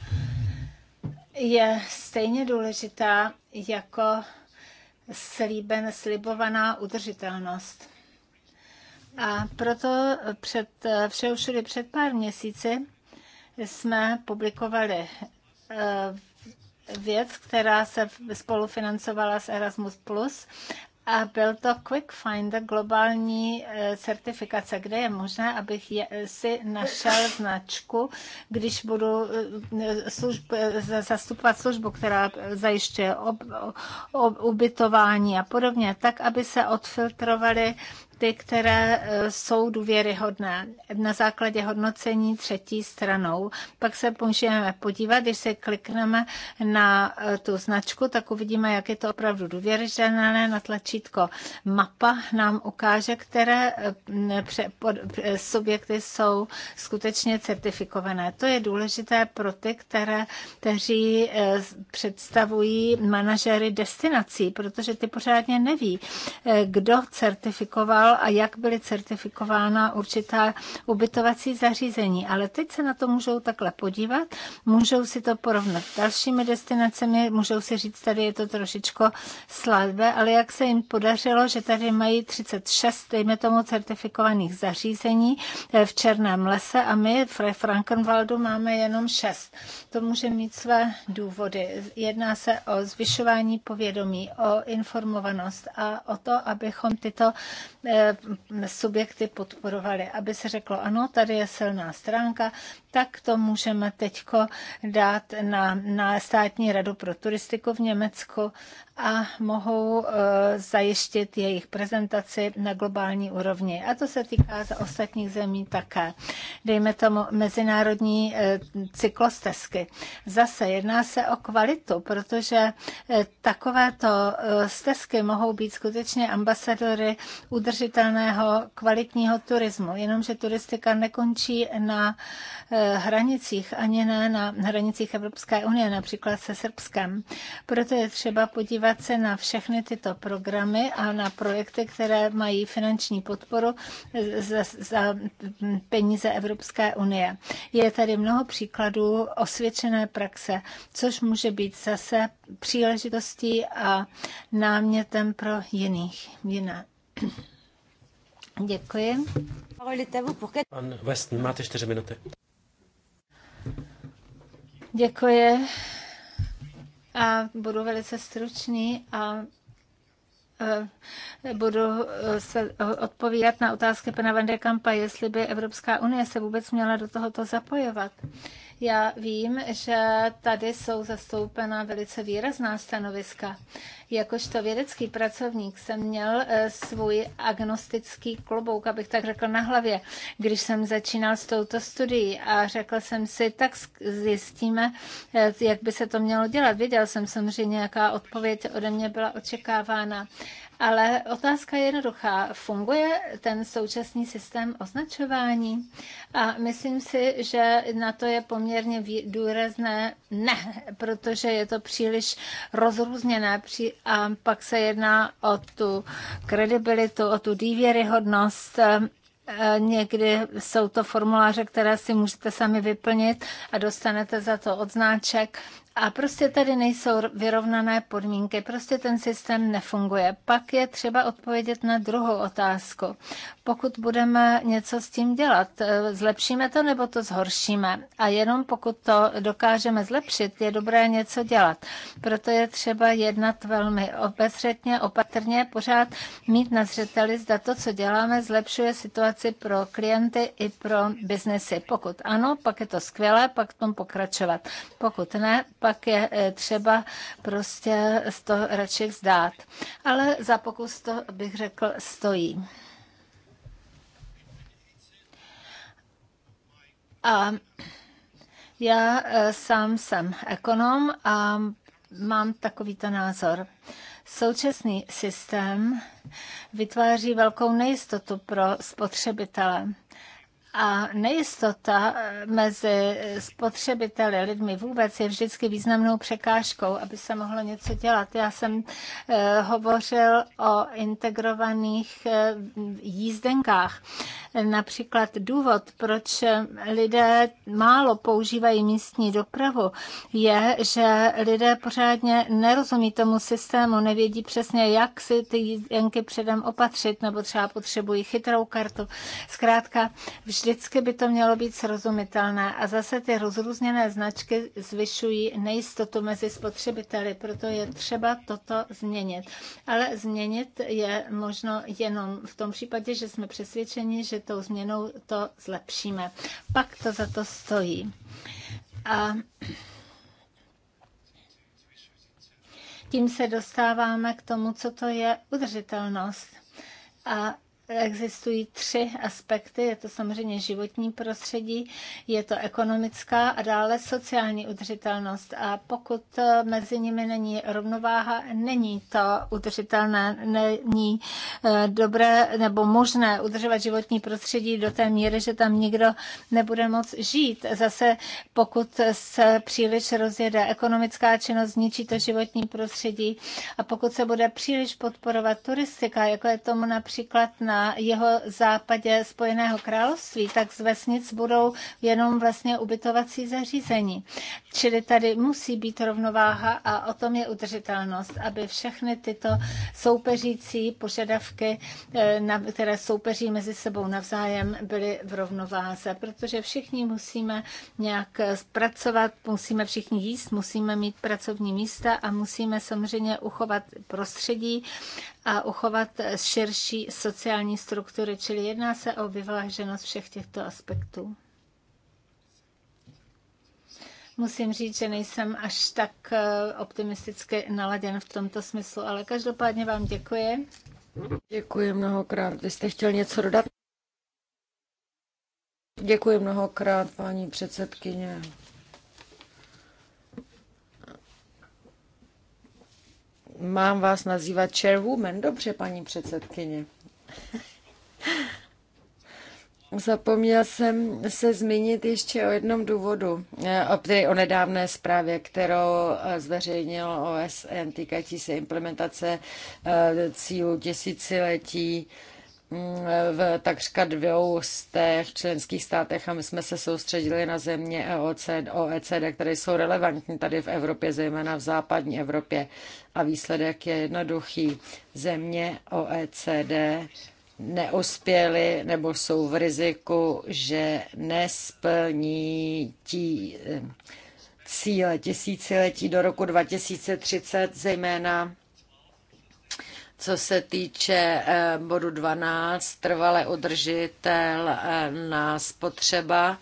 je stejně důležitá jako slíben, slibovaná udržitelnost. A proto před, přeušili před pár měsíci jsme publikovali eh, věc, která se spolufinancovala s Erasmus+, a byl to Quick Finder globální eh, certifikace, kde je možné, abych eh, si našel značku, když budu eh, služb, zastupovat službu, která zajišťuje ob, ob, ubytování a podobně, tak, aby se odfiltrovaly ty, které eh, jsou důvěryhodné na základě hodnocení třetí stranou. Pak se můžeme podívat, když se klikneme na eh, tu značku, tak uvidíme, jak je to opravdu důvěryhodné. Na tlačítko mapa nám ukáže, které eh, subjekty jsou skutečně certifikované. To je důležité pro ty, které, kteří představují manažery destinací, protože ty pořádně neví, kdo certifikoval certifikoval a jak byly certifikována určitá ubytovací zařízení. Ale teď se na to můžou takhle podívat, můžou si to porovnat s dalšími destinacemi, můžou si říct, tady je to trošičko slabé, ale jak se jim podařilo, že tady mají 36, dejme tomu, certifikovaných zařízení eh, v Černém lese a my v Frankenwaldu máme jenom 6. To může mít své důvody. Jedná se o zvyšování povědomí, o informovanost a o to, abychom tyto eh, Eh, subjekty podporovaly, aby se řeklo, ano, tady je silná stránka, tak to můžeme teď dát na, na státní radu pro turistiku v Německu a mohou eh, zajištit jejich prezentaci na globální úrovni. A to se týká za ostatních zemí také. Dejme tomu mezinárodní eh, cyklostezky. Zase jedná se o kvalitu, protože eh, takovéto stezky mohou být skutečně ambasadory udržitelného kvalitního turismu. Jenomže turistika nekončí na hranicích, ani ne na hranicích Evropské unie, například se Srbskem. Proto je třeba podívat podívat se na všechny tyto programy a na projekty, které mají finanční podporu za, za peníze Evropské unie. Je tady mnoho příkladů osvědčené praxe, což může být zase příležitostí a námětem pro jiných. Jiné. Děkuji. Pan Weston, máte čtyři minuty. Děkuji a budu velice stručný a e, budu e, se odpovídat na otázky pana Kampa, jestli by Evropská unie se vůbec měla do tohoto zapojovat. Já vím, že tady jsou zastoupena velice výrazná stanoviska. Jakožto vědecký pracovník jsem měl eh, svůj agnostický klobouk, abych tak řekl, na hlavě, když jsem začínal s touto studií a řekl jsem si, tak zjistíme, eh, jak by se to mělo dělat. Viděl jsem samozřejmě, jaká odpověď ode mě byla očekávána. Ale otázka je jednoduchá. Funguje ten současný systém označování? A myslím si, že na to je poměrně důrazné ne, protože je to příliš rozrůzněné, a pak se jedná o tu kredibilitu, o tu důvěryhodnost Někdy jsou to formuláře, které si můžete sami vyplnit a dostanete za to odznáček. A prostě tady nejsou vyrovnané podmínky, prostě ten systém nefunguje. Pak je třeba odpovědět na druhou otázku. Pokud budeme něco s tím dělat, e, zlepšíme to nebo to zhoršíme? A jenom pokud to dokážeme zlepšit, je dobré něco dělat. Proto je třeba jednat velmi obezřetně, opatrně, pořád mít na zřeteli, zda to, co děláme, zlepšuje situaci pro klienty i pro biznesy. Pokud ano, pak je to skvělé, pak v tom pokračovat. Pokud ne, pak je eh, třeba prostě z toho radši vzdát. Ale za pokus to bych řekl stojí. A já eh, sám jsem ekonom a mám takovýto názor. Současný systém vytváří velkou nejistotu pro spotřebitele a nejistota eh, mezi spotřebiteli, lidmi vůbec je vždycky významnou překážkou, aby se mohlo něco dělat. Já jsem eh, hovořil o integrovaných eh, jízdenkách. Například důvod, proč lidé málo používají místní dopravu, je, že lidé pořádně nerozumí tomu systému, nevědí přesně, jak si ty jenky předem opatřit, nebo třeba potřebují chytrou kartu. Zkrátka, vždycky by to mělo být srozumitelné a zase ty rozrůzněné značky zvyšují nejistotu mezi spotřebiteli, proto je třeba toto změnit. Ale změnit je možno jenom v tom případě, že jsme přesvědčeni, že tou změnou to zlepšíme. Pak to za to stojí. A tím se dostáváme k tomu, co to je udržitelnost. A existují tři aspekty. Je to samozřejmě životní prostředí, je to ekonomická a dále sociální udržitelnost. A pokud eh, mezi nimi není rovnováha, není to udržitelné, není eh, dobré nebo možné udržovat životní prostředí do té míry, že tam nikdo nebude moc žít. Zase pokud se příliš rozjede ekonomická činnost, zničí to životní prostředí a pokud se bude příliš podporovat turistika, jako je tomu například na jeho západě Spojeného království, tak z vesnic budou jenom vlastně ubytovací zařízení. Čili tady musí být rovnováha a o tom je udržitelnost, aby všechny tyto soupeřící požadavky, eh, které soupeří mezi sebou navzájem, byly v rovnováze, protože všichni musíme nějak eh, pracovat, musíme všichni jíst, musíme mít pracovní místa a musíme samozřejmě uchovat prostředí, a uchovat širší sociální struktury, čili jedná se o vyváženost všech těchto aspektů. Musím říct, že nejsem až tak eh, optimisticky naladěn v tomto smyslu, ale každopádně vám děkuji. Děkuji mnohokrát. Vy jste chtěl něco dodat? Děkuji mnohokrát, paní předsedkyně. Mám vás nazývat chairwoman? Dobře, paní předsedkyně. Zapomněl jsem se zmínit ještě o jednom důvodu, tedy o nedávné zprávě, kterou eh, zveřejnil OSN týkající se implementace eh, cílu tisíciletí v takřka dvou z těch členských státech a my jsme se soustředili na země e OECD, které jsou relevantní tady v Evropě, zejména v západní Evropě. A výsledek je jednoduchý. Země OECD neuspěly nebo jsou v riziku, že nesplní tí eh, cíle tisíciletí do roku 2030, zejména co se týče eh, bodu 12, trvale udržitel eh, na spotřeba,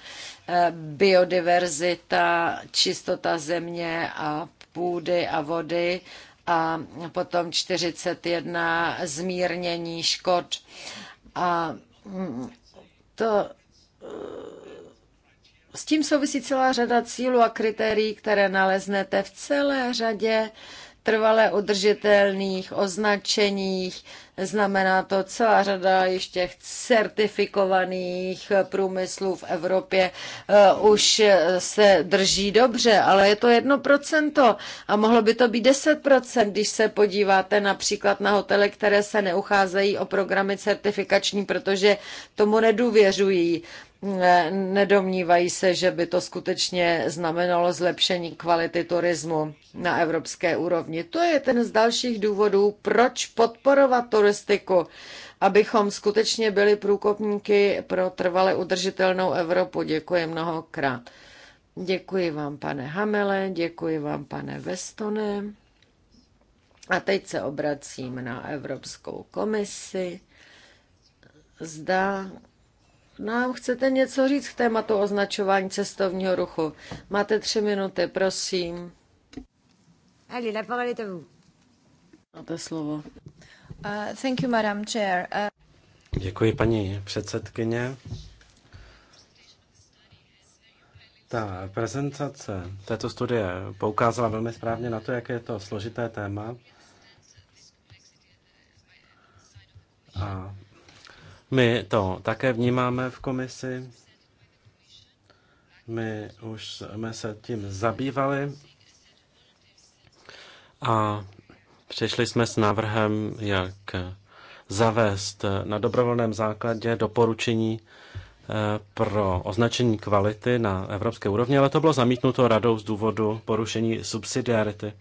eh, biodiverzita, čistota země a půdy a vody a potom 41 zmírnění škod. A mm, to s tím souvisí celá řada cílů a kritérií, které naleznete v celé řadě trvale udržitelných označeních, znamená to celá řada ještě těch certifikovaných průmyslů v Evropě eh, už se drží dobře, ale je to jedno procento a mohlo by to být deset procent, když se podíváte například na hotely, které se neucházejí o programy certifikační, protože tomu nedůvěřují nedomnívají se, že by to skutečně znamenalo zlepšení kvality turismu na evropské úrovni. To je ten z dalších důvodů, proč podporovat turistiku, abychom skutečně byli průkopníky pro trvale udržitelnou Evropu. Děkuji mnohokrát. Děkuji vám, pane Hamele, děkuji vám, pane Vestone. A teď se obracím na Evropskou komisi. Zda nám chcete něco říct k tématu označování cestovního ruchu. Máte tři minuty, prosím. Allez, la parole est à vous. Máte slovo. Uh, thank you, Madam Chair. Uh... Děkuji, paní předsedkyně. Ta prezentace této studie poukázala velmi správně na to, jak je to složité téma. A my to také vnímáme v komisi. My už jsme se tím zabývali a přišli jsme s návrhem, jak zavést na dobrovolném základě doporučení eh, pro označení kvality na evropské úrovni, ale to bylo zamítnuto radou z důvodu porušení subsidiarity.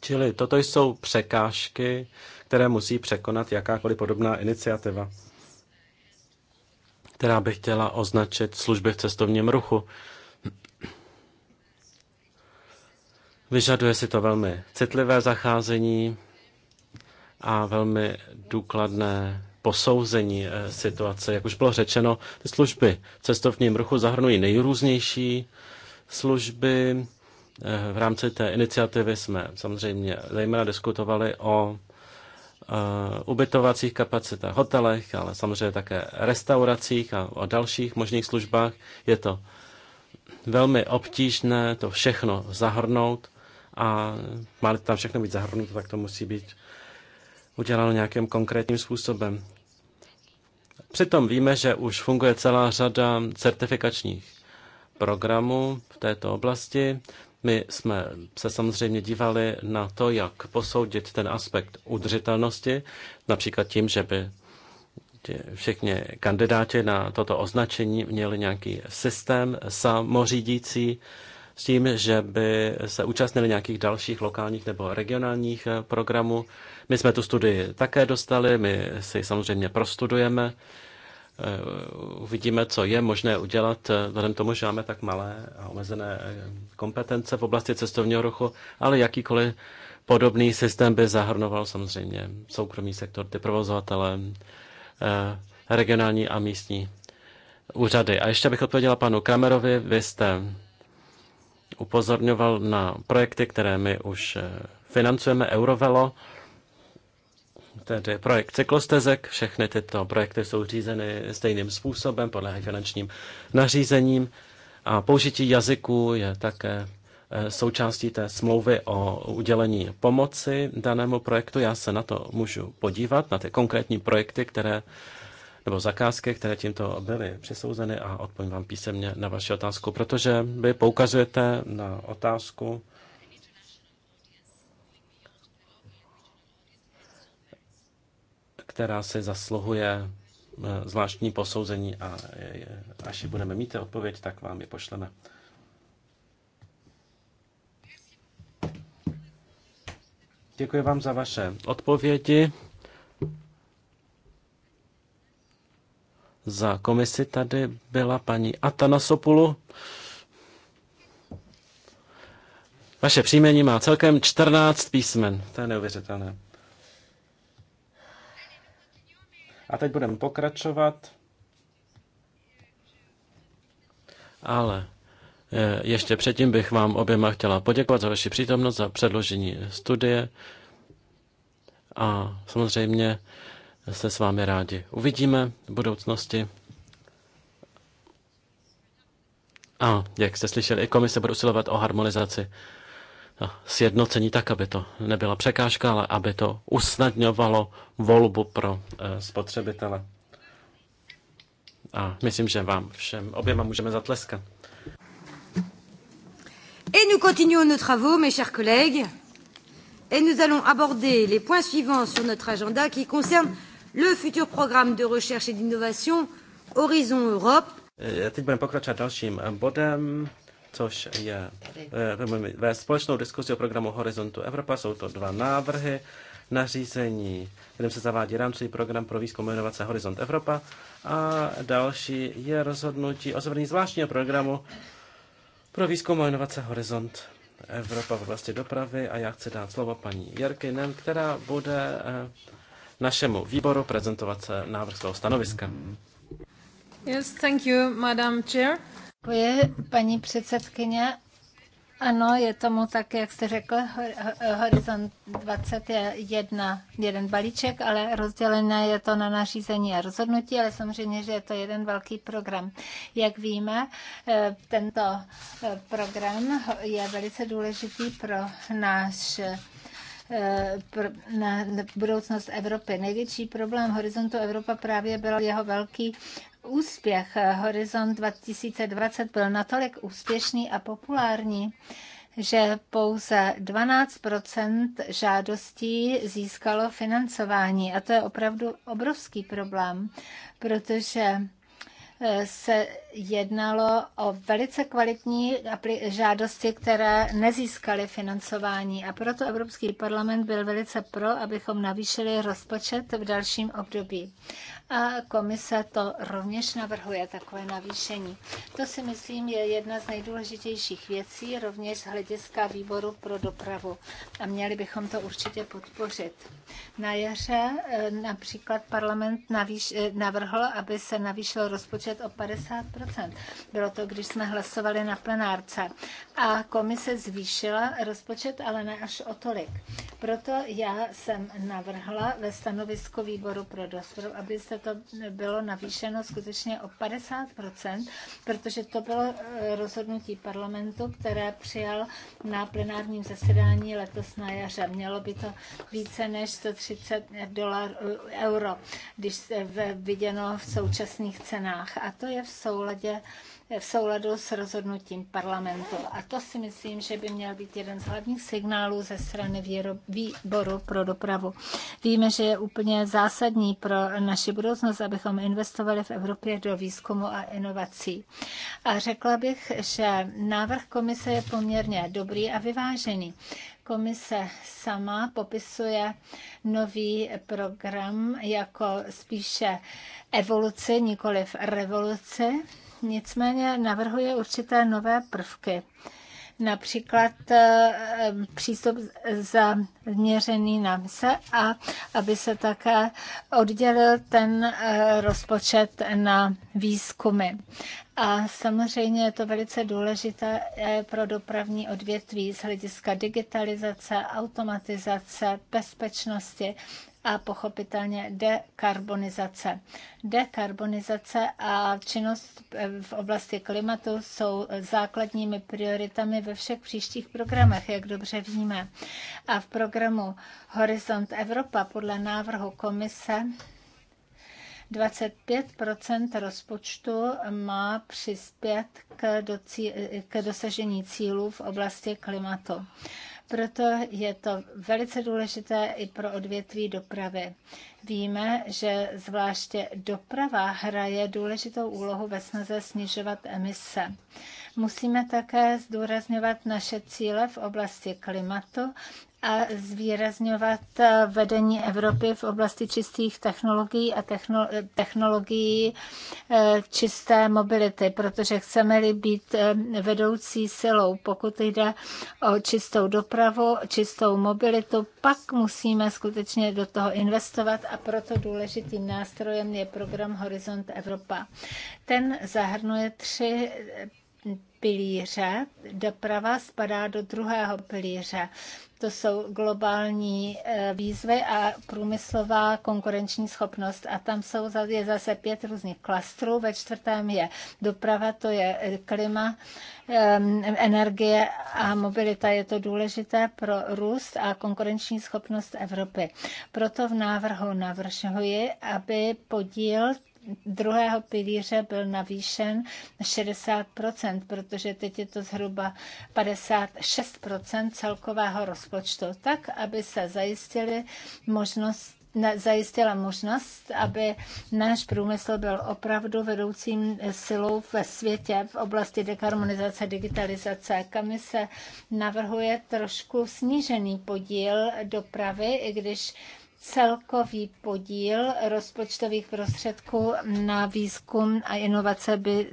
Čili toto jsou překážky, které musí překonat jakákoliv podobná iniciativa, která by chtěla označit služby v cestovním ruchu. Vyžaduje si to velmi citlivé zacházení a velmi důkladné posouzení eh, situace. Jak už bylo řečeno, ty služby v cestovním ruchu zahrnují nejrůznější služby, Eh, v rámci té iniciativy jsme samozřejmě zejména diskutovali o eh, ubytovacích kapacitách, hotelech, ale samozřejmě také restauracích a o dalších možných službách. Je to velmi obtížné to všechno zahrnout a má tam všechno být zahrnuto, tak to musí být uděláno nějakým konkrétním způsobem. Přitom víme, že už funguje celá řada certifikačních programů v této oblasti. My jsme se samozřejmě dívali na to, jak posoudit ten aspekt udržitelnosti, například tím, že by všichni kandidáti na toto označení měli nějaký systém samořídící, s tím, že by se účastnili nějakých dalších lokálních nebo regionálních eh, programů. My jsme tu studii také dostali, my si ji samozřejmě prostudujeme Eh, uvidíme, co je možné udělat, eh, vzhledem tomu, že máme tak malé a omezené eh, kompetence v oblasti cestovního ruchu, ale jakýkoliv podobný systém by zahrnoval samozřejmě soukromý sektor, ty provozovatele, regionální a místní úřady. A ještě bych odpověděla panu Kramerovi, vy jste upozorňoval na projekty, které my už financujeme Eurovelo tedy projekt cyklostezek. Všechny tyto projekty jsou řízeny stejným způsobem, podle finančním nařízením. A použití jazyků je také eh, součástí té smlouvy o udělení pomoci danému projektu. Já se na to můžu podívat, na ty konkrétní projekty, které nebo zakázky, které tímto byly přisouzeny a odpovím vám písemně na vaši otázku, protože vy poukazujete na otázku, která si zasluhuje eh, zvláštní posouzení a eh, až ji budeme mít odpověď, tak vám ji pošleme. Děkuji vám za vaše odpovědi. Za komisi tady byla paní Atanasopulu. Vaše příjmení má celkem 14 písmen. To je neuvěřitelné. A teď budeme pokračovat. Ale eh, ještě předtím bych vám oběma chtěla poděkovat za vaši přítomnost, za předložení studie a samozřejmě se s vámi rádi uvidíme v budoucnosti. A jak jste slyšeli, i komise bude usilovat o harmonizaci No, sjednocení tak, aby to nebyla překážka, ale aby to usnadňovalo volbu pro eh, spotřebitele. A myslím, že vám všem oběma můžeme zatleskat. Et nous continuons nos travaux, mes chers collègues. Et nous allons aborder les points suivants sur notre agenda qui concernent le futur programme de recherche et d'innovation Horizon Europe. et, eh, budeme pokračovat dalším bodem což je eh, ve společnou diskusi o programu Horizontu Evropa. Jsou to dva návrhy nařízení, kterým se zavádí rámcový program pro výzkum inovace Horizont Evropa a další je rozhodnutí o zavedení zvláštního programu pro výzkum a inovace Horizont Evropa v oblasti dopravy a já chci dát slovo paní Jerkinem, která bude eh, našemu výboru prezentovat návrh svého stanoviska. Yes, thank you, Madam Chair. Děkuji, paní předsedkyně. Ano, je tomu tak, jak jste řekl, Horizont 20 je jedna, jeden balíček, ale rozdělené je to na nařízení a rozhodnutí, ale samozřejmě, že je to jeden velký program. Jak víme, eh, tento eh, program je velice důležitý pro náš eh, na budoucnost Evropy. Největší problém Horizontu Evropa právě byl jeho velký úspěch Horizont 2020 byl natolik úspěšný a populární, že pouze 12 žádostí získalo financování. A to je opravdu obrovský problém, protože eh, se jednalo o velice kvalitní žádosti, které nezískaly financování. A proto Evropský parlament byl velice pro, abychom navýšili rozpočet v dalším období a komise to rovněž navrhuje, takové navýšení. To si myslím je jedna z nejdůležitějších věcí, rovněž z hlediska výboru pro dopravu a měli bychom to určitě podpořit. Na jaře eh, například parlament navýš, eh, navrhl, aby se navýšil rozpočet o 50%. Bylo to, když jsme hlasovali na plenárce. A komise zvýšila rozpočet, ale ne až o tolik. Proto já jsem navrhla ve stanovisku výboru pro dopravu, aby se to bylo navýšeno skutečně o 50 protože to bylo eh, rozhodnutí parlamentu, které přijal na plenárním zasedání letos na jaře. Mělo by to více než 130 dolar, eh, euro, když se viděno v současných cenách. A to je v souladě v souladu s rozhodnutím parlamentu. A to si myslím, že by měl být jeden z hlavních signálů ze strany výboru pro dopravu. Víme, že je úplně zásadní pro naši budoucnost, abychom investovali v Evropě do výzkumu a inovací. A řekla bych, že návrh komise je poměrně dobrý a vyvážený komise sama popisuje nový program jako spíše nikoli nikoliv revoluci nicméně navrhuje určité nové prvky například eh, přístup zaměřený na mise a aby se také oddělil ten eh, rozpočet na výzkumy. A samozřejmě je to velice důležité eh, pro dopravní odvětví z hlediska digitalizace, automatizace, bezpečnosti a pochopitelně dekarbonizace. Dekarbonizace a činnost v oblasti klimatu jsou základními prioritami ve všech příštích programech, jak dobře víme. A v programu Horizont Evropa podle návrhu komise 25 rozpočtu má přispět k, docí- k dosažení cílů v oblasti klimatu. Proto je to velice důležité i pro odvětví dopravy. Víme, že zvláště doprava hraje důležitou úlohu ve snaze snižovat emise. Musíme také zdůrazňovat naše cíle v oblasti klimatu a zvýrazňovat eh, vedení Evropy v oblasti čistých technologií a technologií eh, čisté mobility, protože chceme-li být eh, vedoucí silou, pokud jde o čistou dopravu, čistou mobilitu, pak musíme skutečně do toho investovat a proto důležitým nástrojem je program Horizont Evropa. Ten zahrnuje tři pilíře. Doprava spadá do druhého pilíře. To jsou globální eh, výzvy a průmyslová konkurenční schopnost. A tam jsou je zase pět různých klastrů. Ve čtvrtém je doprava, to je eh, klima, ehm, energie a mobilita. Je to důležité pro růst a konkurenční schopnost Evropy. Proto v návrhu navrhuji, aby podíl druhého pilíře byl navýšen 60%, protože teď je to zhruba 56% celkového rozpočtu, tak, aby se zajistili možnost zajistila možnost, aby náš průmysl byl opravdu vedoucím silou ve světě v oblasti dekarbonizace, digitalizace. Komise navrhuje trošku snížený podíl dopravy, i když celkový podíl rozpočtových prostředků na výzkum a inovace by,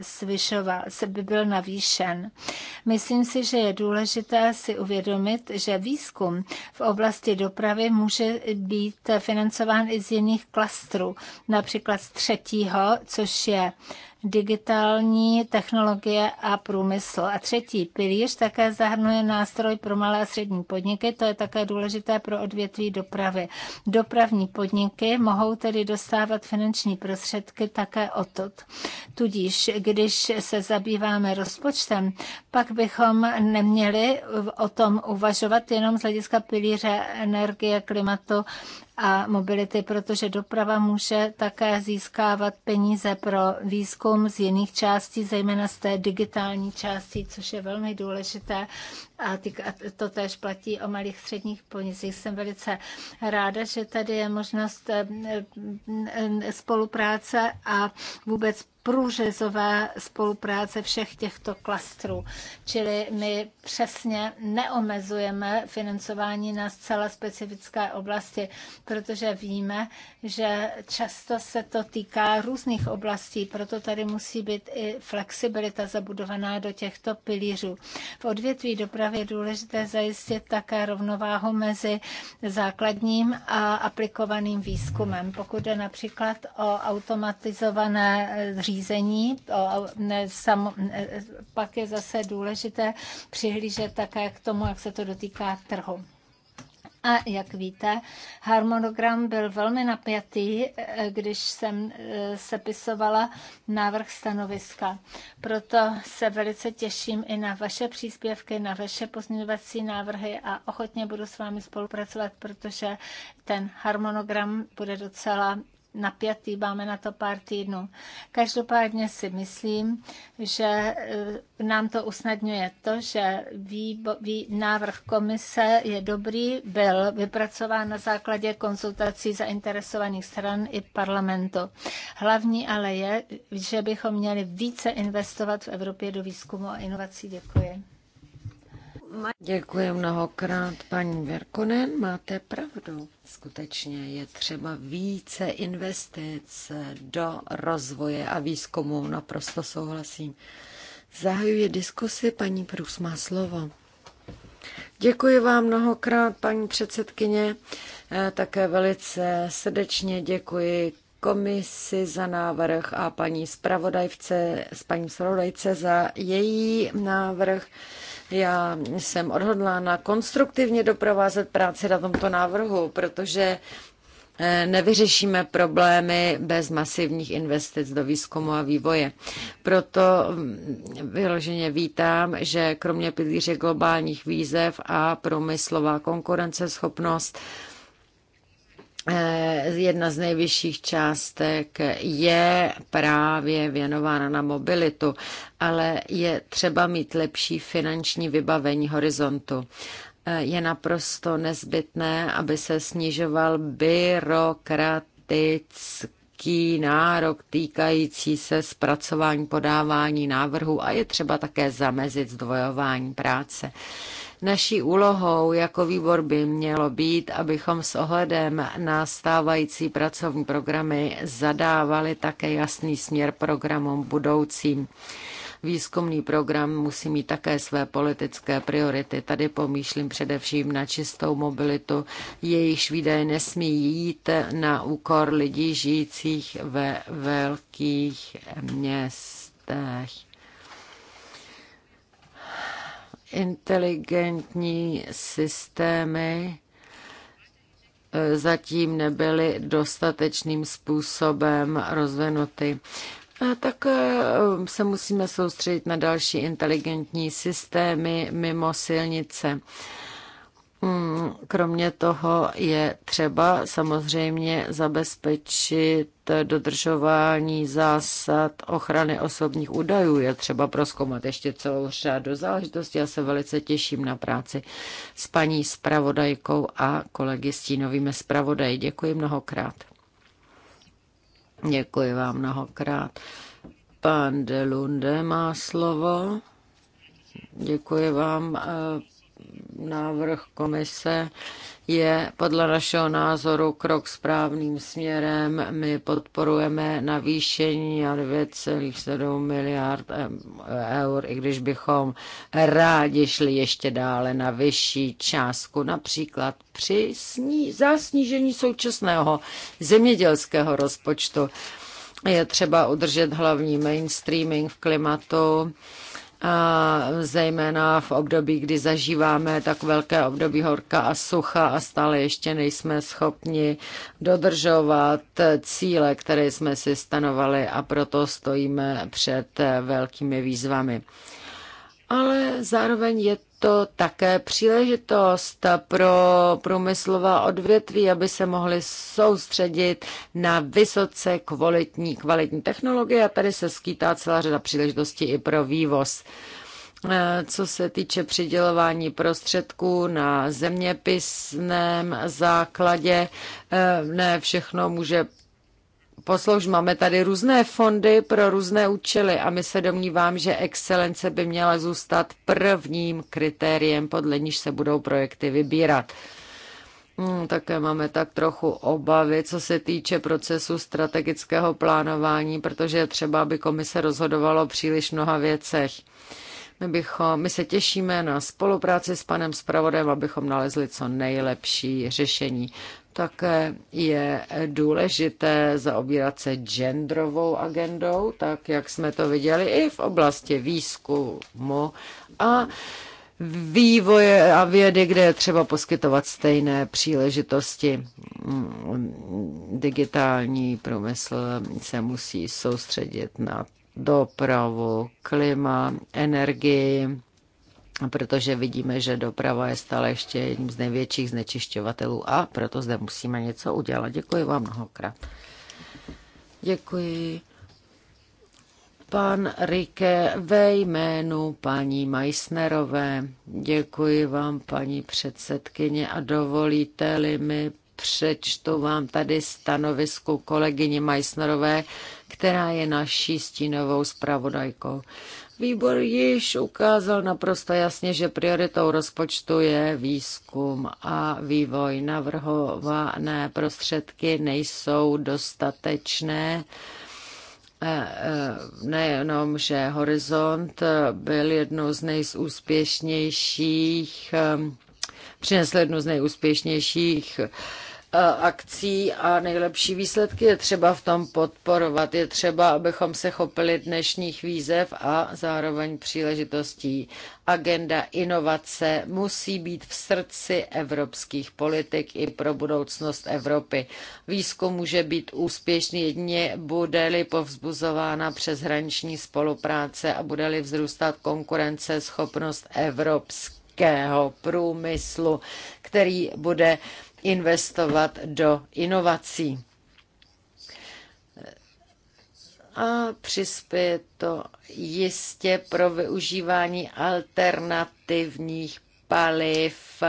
se by byl navýšen. Myslím si, že je důležité si uvědomit, že výzkum v oblasti dopravy může být financován i z jiných klastrů, například z třetího, což je digitální technologie a průmysl. A třetí pilíř také zahrnuje nástroj pro malé a střední podniky. To je také důležité pro odvětví dopravy. Dopravní podniky mohou tedy dostávat finanční prostředky také odtud. Tudíž, když se zabýváme rozpočtem, pak bychom neměli o tom uvažovat jenom z hlediska pilíře energie, klimatu a mobility, protože doprava může také získávat peníze pro výzkum z jiných částí, zejména z té digitální části, což je velmi důležité. A to též platí o malých středních podnicích. Jsem velice ráda, že tady je možnost eh, eh, eh, spolupráce a vůbec průřezová spolupráce všech těchto klastrů. Čili my přesně neomezujeme financování na zcela specifické oblasti, protože víme, že často se to týká různých oblastí, proto tady musí být i flexibilita zabudovaná do těchto pilířů. V odvětví dopravy je důležité zajistit také rovnováhu mezi základním a aplikovaným výzkumem. Pokud jde například o automatizované řízení, řízení. Pak je zase důležité přihlížet také k tomu, jak se to dotýká trhu. A jak víte, harmonogram byl velmi napjatý, eh, když jsem eh, sepisovala návrh stanoviska. Proto se velice těším i na vaše příspěvky, na vaše pozměňovací návrhy a ochotně budu s vámi spolupracovat, protože ten harmonogram bude docela napjatý, máme na to pár týdnů. Každopádně si myslím, že e, nám to usnadňuje to, že výbo- vý- návrh komise je dobrý, byl vypracován na základě konzultací zainteresovaných stran i parlamentu. Hlavní ale je, že bychom měli více investovat v Evropě do výzkumu a inovací. Děkuji. Děkuji mnohokrát, paní Verkonen. Máte pravdu. Skutečně je třeba více investic do rozvoje a výzkumu. Naprosto souhlasím. Zahajuji diskusi, paní Prus má slovo. Děkuji vám mnohokrát, paní předsedkyně. Eh, také velice srdečně děkuji komisi za návrh a paní zpravodajce, s paní zpravodajce za její návrh. Já jsem odhodlána konstruktivně doprovázet práci na tomto návrhu, protože eh, nevyřešíme problémy bez masivních investic do výzkumu a vývoje. Proto mm, vyloženě vítám, že kromě pilíře globálních výzev a průmyslová konkurenceschopnost, Eh, jedna z nejvyšších částek je právě věnována na mobilitu, ale je třeba mít lepší finanční vybavení horizontu eh, je naprosto nezbytné, aby se snižoval byrokratický nárok týkající se zpracování podávání návrhu a je třeba také zamezit zdvojování práce. Naší úlohou jako výbor by mělo být, abychom s ohledem na stávající pracovní programy zadávali také jasný směr programům budoucím. Výzkumný program musí mít také své politické priority. Tady pomýšlím především na čistou mobilitu. Jejichž výdaje nesmí jít na úkor lidí žijících ve velkých městech. Inteligentní systémy eh, zatím nebyly dostatečným způsobem rozvinuty. A tak eh, se musíme soustředit na další inteligentní systémy mimo silnice. Hmm, kromě toho je třeba samozřejmě zabezpečit dodržování zásad ochrany osobních údajů. Je třeba proskoumat ještě celou řadu záležitostí. Já se velice těším na práci s paní spravodajkou a kolegy stínovými spravodaji. Děkuji mnohokrát. Děkuji vám mnohokrát. Pan Delunde má slovo. Děkuji vám, eh, návrh komise je podle našeho názoru krok správným směrem. My podporujeme navýšení na 2,7 miliard eur, i když bychom rádi šli ještě dále na vyšší částku, například při sní, za snížení současného zemědělského rozpočtu. Je třeba udržet hlavní mainstreaming v klimatu a zejména v období, kdy zažíváme tak velké období horka a sucha a stále ještě nejsme schopni dodržovat cíle, které jsme si stanovali a proto stojíme před velkými výzvami. Ale zároveň je to také příležitost pro průmyslová odvětví, aby se mohly soustředit na vysoce kvalitní, kvalitní technologie a tady se skýtá celá řada příležitostí i pro vývoz. Eh, co se týče přidělování prostředků na zeměpisném základě, eh, ne všechno může poslouž, máme tady různé fondy pro různé účely a my se domnívám, že excelence by měla zůstat prvním kritériem, podle níž se budou projekty vybírat. Hmm, také máme tak trochu obavy, co se týče procesu strategického plánování, protože je třeba, aby komise rozhodovalo příliš mnoha věcech. My, bychom, my se těšíme na spolupráci s panem Spravodem, abychom nalezli co nejlepší řešení. Také je důležité zaobírat se genderovou agendou, tak jak jsme to viděli i v oblasti výzkumu a vývoje a vědy, kde je třeba poskytovat stejné příležitosti. Digitální průmysl se musí soustředit na dopravu, klima, energii protože vidíme, že doprava je stále ještě jedním z největších znečišťovatelů a proto zde musíme něco udělat. Děkuji vám mnohokrát. Děkuji. Pan Rike ve jménu paní Majsnerové. Děkuji vám, paní předsedkyně, a dovolíte-li mi přečtu vám tady stanovisku kolegyně Majsnerové, která je naší stínovou zpravodajkou. Výbor již ukázal naprosto jasně, že prioritou rozpočtu je výzkum a vývoj. Navrhované prostředky nejsou dostatečné. Eh, eh, nejenom, že Horizont byl jednou z nejúspěšnějších, eh, přinesl jednu z nejúspěšnějších Eh, akcí a nejlepší výsledky je třeba v tom podporovat. Je třeba, abychom se chopili dnešních výzev a zároveň příležitostí. Agenda inovace musí být v srdci evropských politik i pro budoucnost Evropy. Výzkum může být úspěšný jedině, bude-li povzbuzována přeshraniční spolupráce a bude-li vzrůstat konkurence, schopnost evropské průmyslu, který bude investovat do inovací. A přispěje to jistě pro využívání alternativních paliv,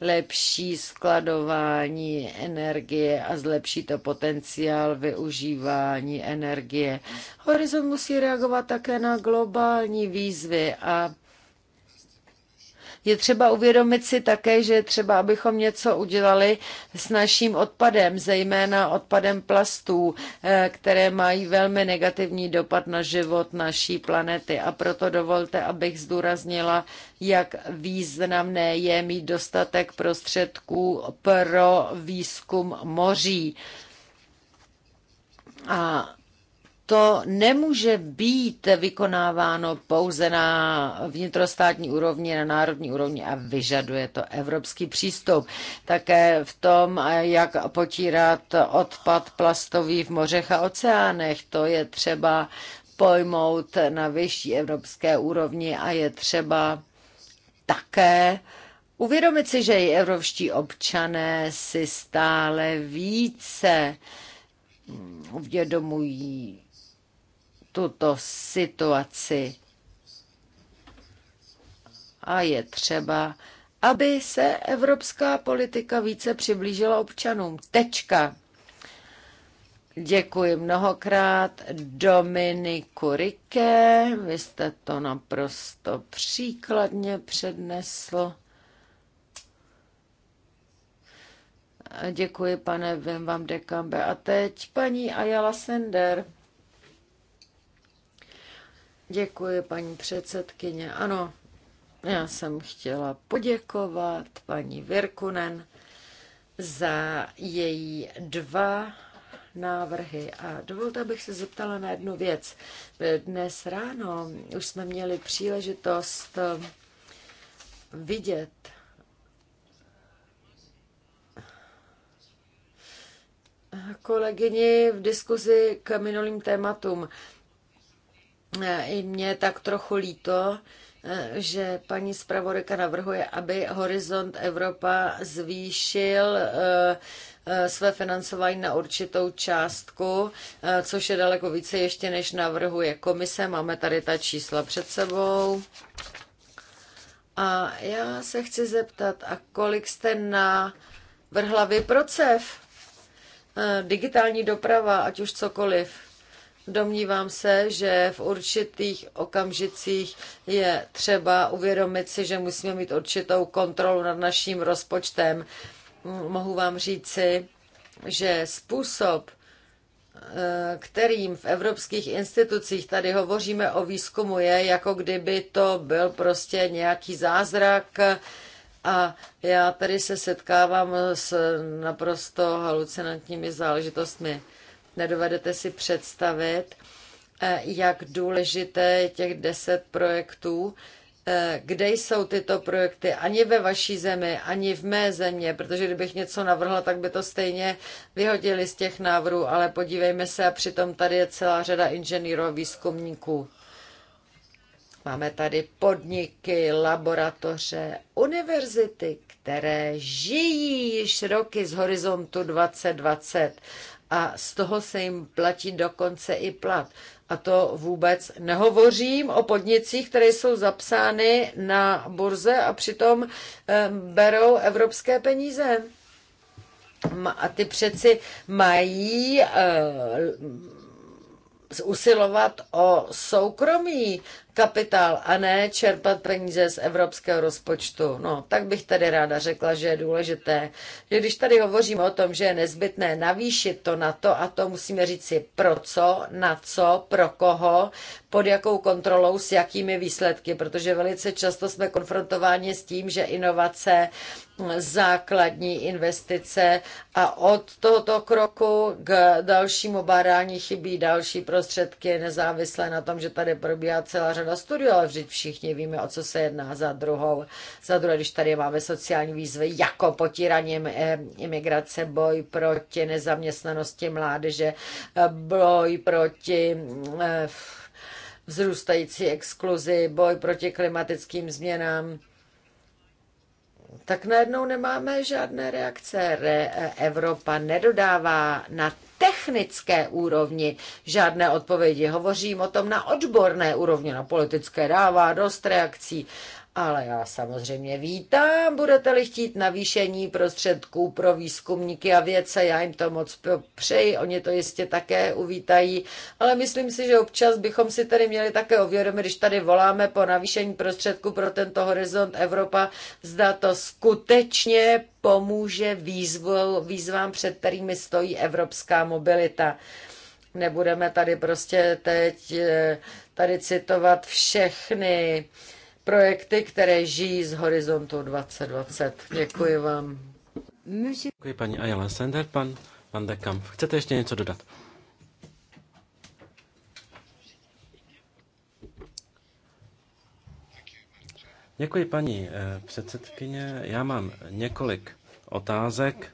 lepší skladování energie a zlepší to potenciál využívání energie. Horizon musí reagovat také na globální výzvy a je třeba uvědomit si také, že je třeba, abychom něco udělali s naším odpadem, zejména odpadem plastů, eh, které mají velmi negativní dopad na život naší planety. A proto dovolte, abych zdůraznila, jak významné je mít dostatek prostředků pro výzkum moří. A to nemůže být vykonáváno pouze na vnitrostátní úrovni, na národní úrovni a vyžaduje to evropský přístup. Také v tom, jak potírat odpad plastový v mořech a oceánech, to je třeba pojmout na vyšší evropské úrovni a je třeba také uvědomit si, že i evropští občané si stále více uvědomují tuto situaci. A je třeba, aby se evropská politika více přiblížila občanům. Tečka. Děkuji mnohokrát Dominiku Rike, vy jste to naprosto příkladně přednesl. Děkuji, pane Vem vám dekambe. A teď paní Ayala Sender. Děkuji, paní předsedkyně. Ano, já jsem chtěla poděkovat paní Virkunen za její dva návrhy. A dovolte, abych se zeptala na jednu věc. Dnes ráno už jsme měli příležitost eh, vidět kolegyni v diskuzi k minulým tématům i mě tak trochu líto, eh, že paní zpravodajka navrhuje, aby Horizont Evropa zvýšil eh, eh, své financování na určitou částku, což je daleko více ještě než navrhuje komise. Máme tady ta čísla před sebou. A já se chci zeptat, a kolik jste na vrhlavy pro e Digitální doprava, ať už cokoliv. Domnívám se, že v určitých okamžicích je třeba uvědomit si, že musíme mít určitou kontrolu nad naším rozpočtem. Mohu vám říci, že způsob, eh, kterým v evropských institucích tady hovoříme o výzkumu, je jako kdyby to byl prostě nějaký zázrak, a já tady se setkávám s naprosto halucinantními záležitostmi. Nedovedete si představit, eh, jak důležité je těch deset projektů, eh, kde jsou tyto projekty, ani ve vaší zemi, ani v mé země, protože kdybych něco navrhla, tak by to stejně vyhodili z těch návrhů, ale podívejme se, a přitom tady je celá řada inženýrů a výzkumníků. Máme tady podniky, laboratoře, univerzity, které žijí již roky z horizontu 2020 a z toho se jim platí dokonce i plat. A to vůbec nehovořím o podnicích, které jsou zapsány na burze a přitom berou evropské peníze. A ty přeci mají eh, usilovat o soukromí kapitál a ne čerpat peníze z evropského rozpočtu. No, tak bych tady ráda řekla, že je důležité, že když tady hovoříme o tom, že je nezbytné navýšit to na to a to musíme říct si pro co, na co, pro koho, pod jakou kontrolou, s jakými výsledky, protože velice často jsme konfrontováni s tím, že inovace základní investice a od tohoto kroku k dalšímu bádání chybí další prostředky, nezávisle na tom, že tady probíhá celá řada na studiu, ale vždyť všichni víme, o co se jedná za druhou. Za druhé, když tady máme sociální výzvy jako potírání eh, imigrace, boj proti nezaměstnanosti mládeže, eh, boj proti eh, vzrůstající exkluzi, boj proti klimatickým změnám, tak najednou nemáme žádné reakce. Re, Evropa nedodává na technické úrovni žádné odpovědi. Hovořím o tom na odborné úrovni, na politické dává dost reakcí ale já samozřejmě vítám, budete-li chtít navýšení prostředků pro výzkumníky a vědce, já jim to moc přeji, oni to jistě také uvítají, ale myslím si, že občas bychom si tady měli také ovědomit, když tady voláme po navýšení prostředků pro tento horizont Evropa, zda to skutečně pomůže výzvou, výzvám, před kterými stojí evropská mobilita. Nebudeme tady prostě teď eh, tady citovat všechny projekty, které žijí z horizontu 2020. Děkuji vám. Děkuji paní Ayala Sender, pan Van de Kamp. Chcete ještě něco dodat? Děkuji, paní eh, předsedkyně. Já mám několik otázek,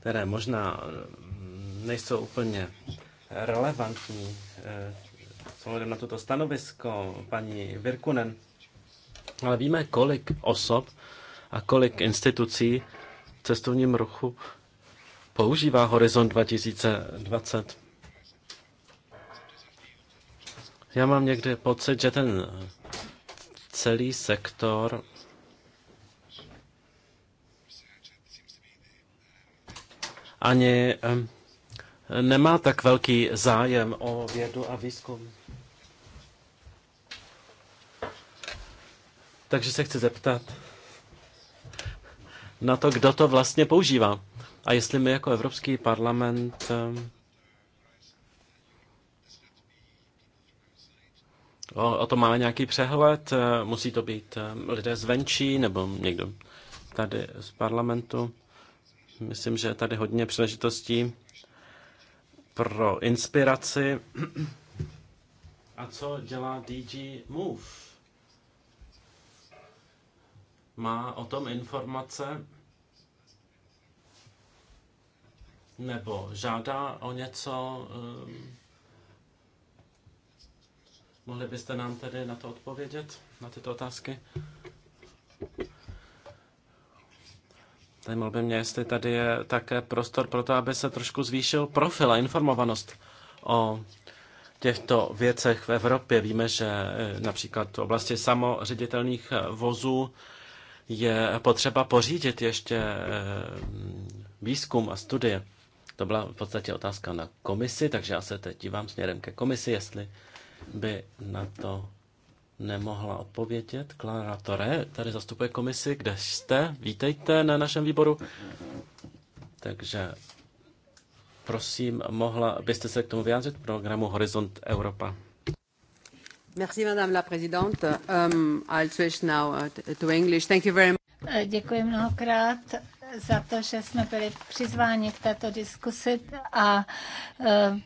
které možná eh, nejsou úplně relevantní eh, ohledem na toto stanovisko paní Virkunen. Ale víme, kolik osob a kolik institucí v cestovním ruchu používá Horizont 2020. Já mám někdy pocit, že ten celý sektor ani eh, nemá tak velký zájem o vědu a výzkum. Takže se chci zeptat na to, kdo to vlastně používá. A jestli my jako Evropský parlament eh, o, o tom máme nějaký přehled, eh, musí to být eh, lidé zvenčí nebo někdo tady z parlamentu. Myslím, že je tady hodně příležitostí pro inspiraci. A co dělá DG Move? má o tom informace nebo žádá o něco. Eh, mohli byste nám tedy na to odpovědět, na tyto otázky? Zajímal by mě, jestli tady je také prostor pro to, aby se trošku zvýšil profil a informovanost o těchto věcech v Evropě. Víme, že eh, například v oblasti samoředitelných eh, vozů je potřeba pořídit ještě eh, výzkum a studie. To byla v podstatě otázka na komisi, takže já se teď dívám směrem ke komisi, jestli by na to nemohla odpovědět. Klara Tore tady zastupuje komisi, kde jste? Vítejte na našem výboru. Takže prosím, mohla byste se k tomu vyjádřit programu Horizont Europa? Merci, Madame la Présidente. Um, I'll switch now uh, to English. Thank you very much. Eh, děkuji mnohokrát za to, že jsme byli přizváni k této diskusi a eh,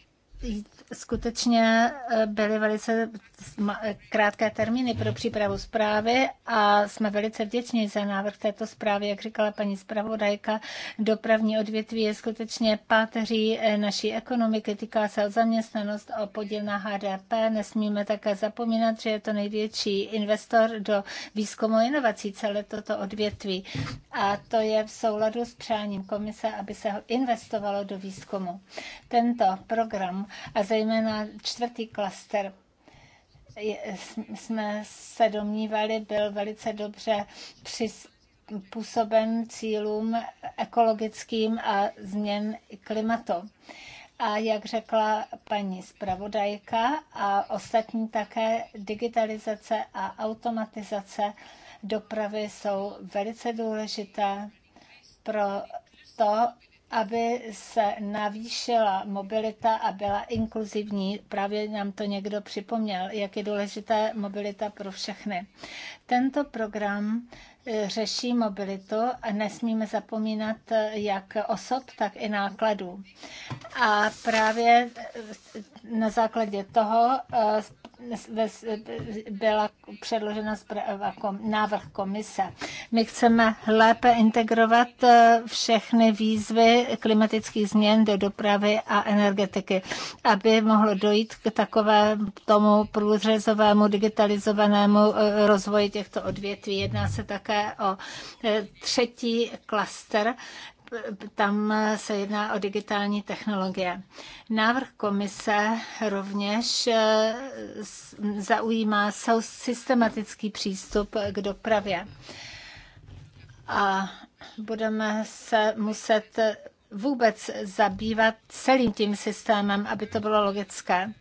skutečně eh, byly velice krátké termíny pro přípravu zprávy a jsme velice vděční za návrh této zprávy. Jak říkala paní zpravodajka, dopravní odvětví je skutečně páteří eh, naší ekonomiky, týká se o zaměstnanost, o podíl na HDP. Nesmíme také zapomínat, že je to největší investor do výzkumu inovací celé toto odvětví. A to je v souladu s přáním komise, aby se investovalo do výzkumu. Tento program a zejména zejména čtvrtý klaster jsme se domnívali, byl velice dobře přizpůsoben cílům ekologickým a změn klimatu. A jak řekla paní zpravodajka a ostatní také, digitalizace a automatizace dopravy jsou velice důležité pro to, aby se navýšila mobilita a byla inkluzivní. Právě nám to někdo připomněl, jak je důležitá mobilita pro všechny. Tento program eh, řeší mobilitu a nesmíme zapomínat eh, jak osob, tak i nákladů. A právě eh, na základě toho byla předložena návrh komise. My chceme lépe integrovat eh, všechny výzvy klimatických změn do dopravy a energetiky, aby mohlo dojít k takové tomu průřezovému digitalizovanému eh, rozvoji těchto odvětví. Jedná se také o eh, třetí klaster, tam se jedná o digitální technologie. Návrh komise rovněž eh, zaujímá systematický přístup k dopravě. A budeme se muset vůbec zabývat celým tím systémem, aby to bylo logické.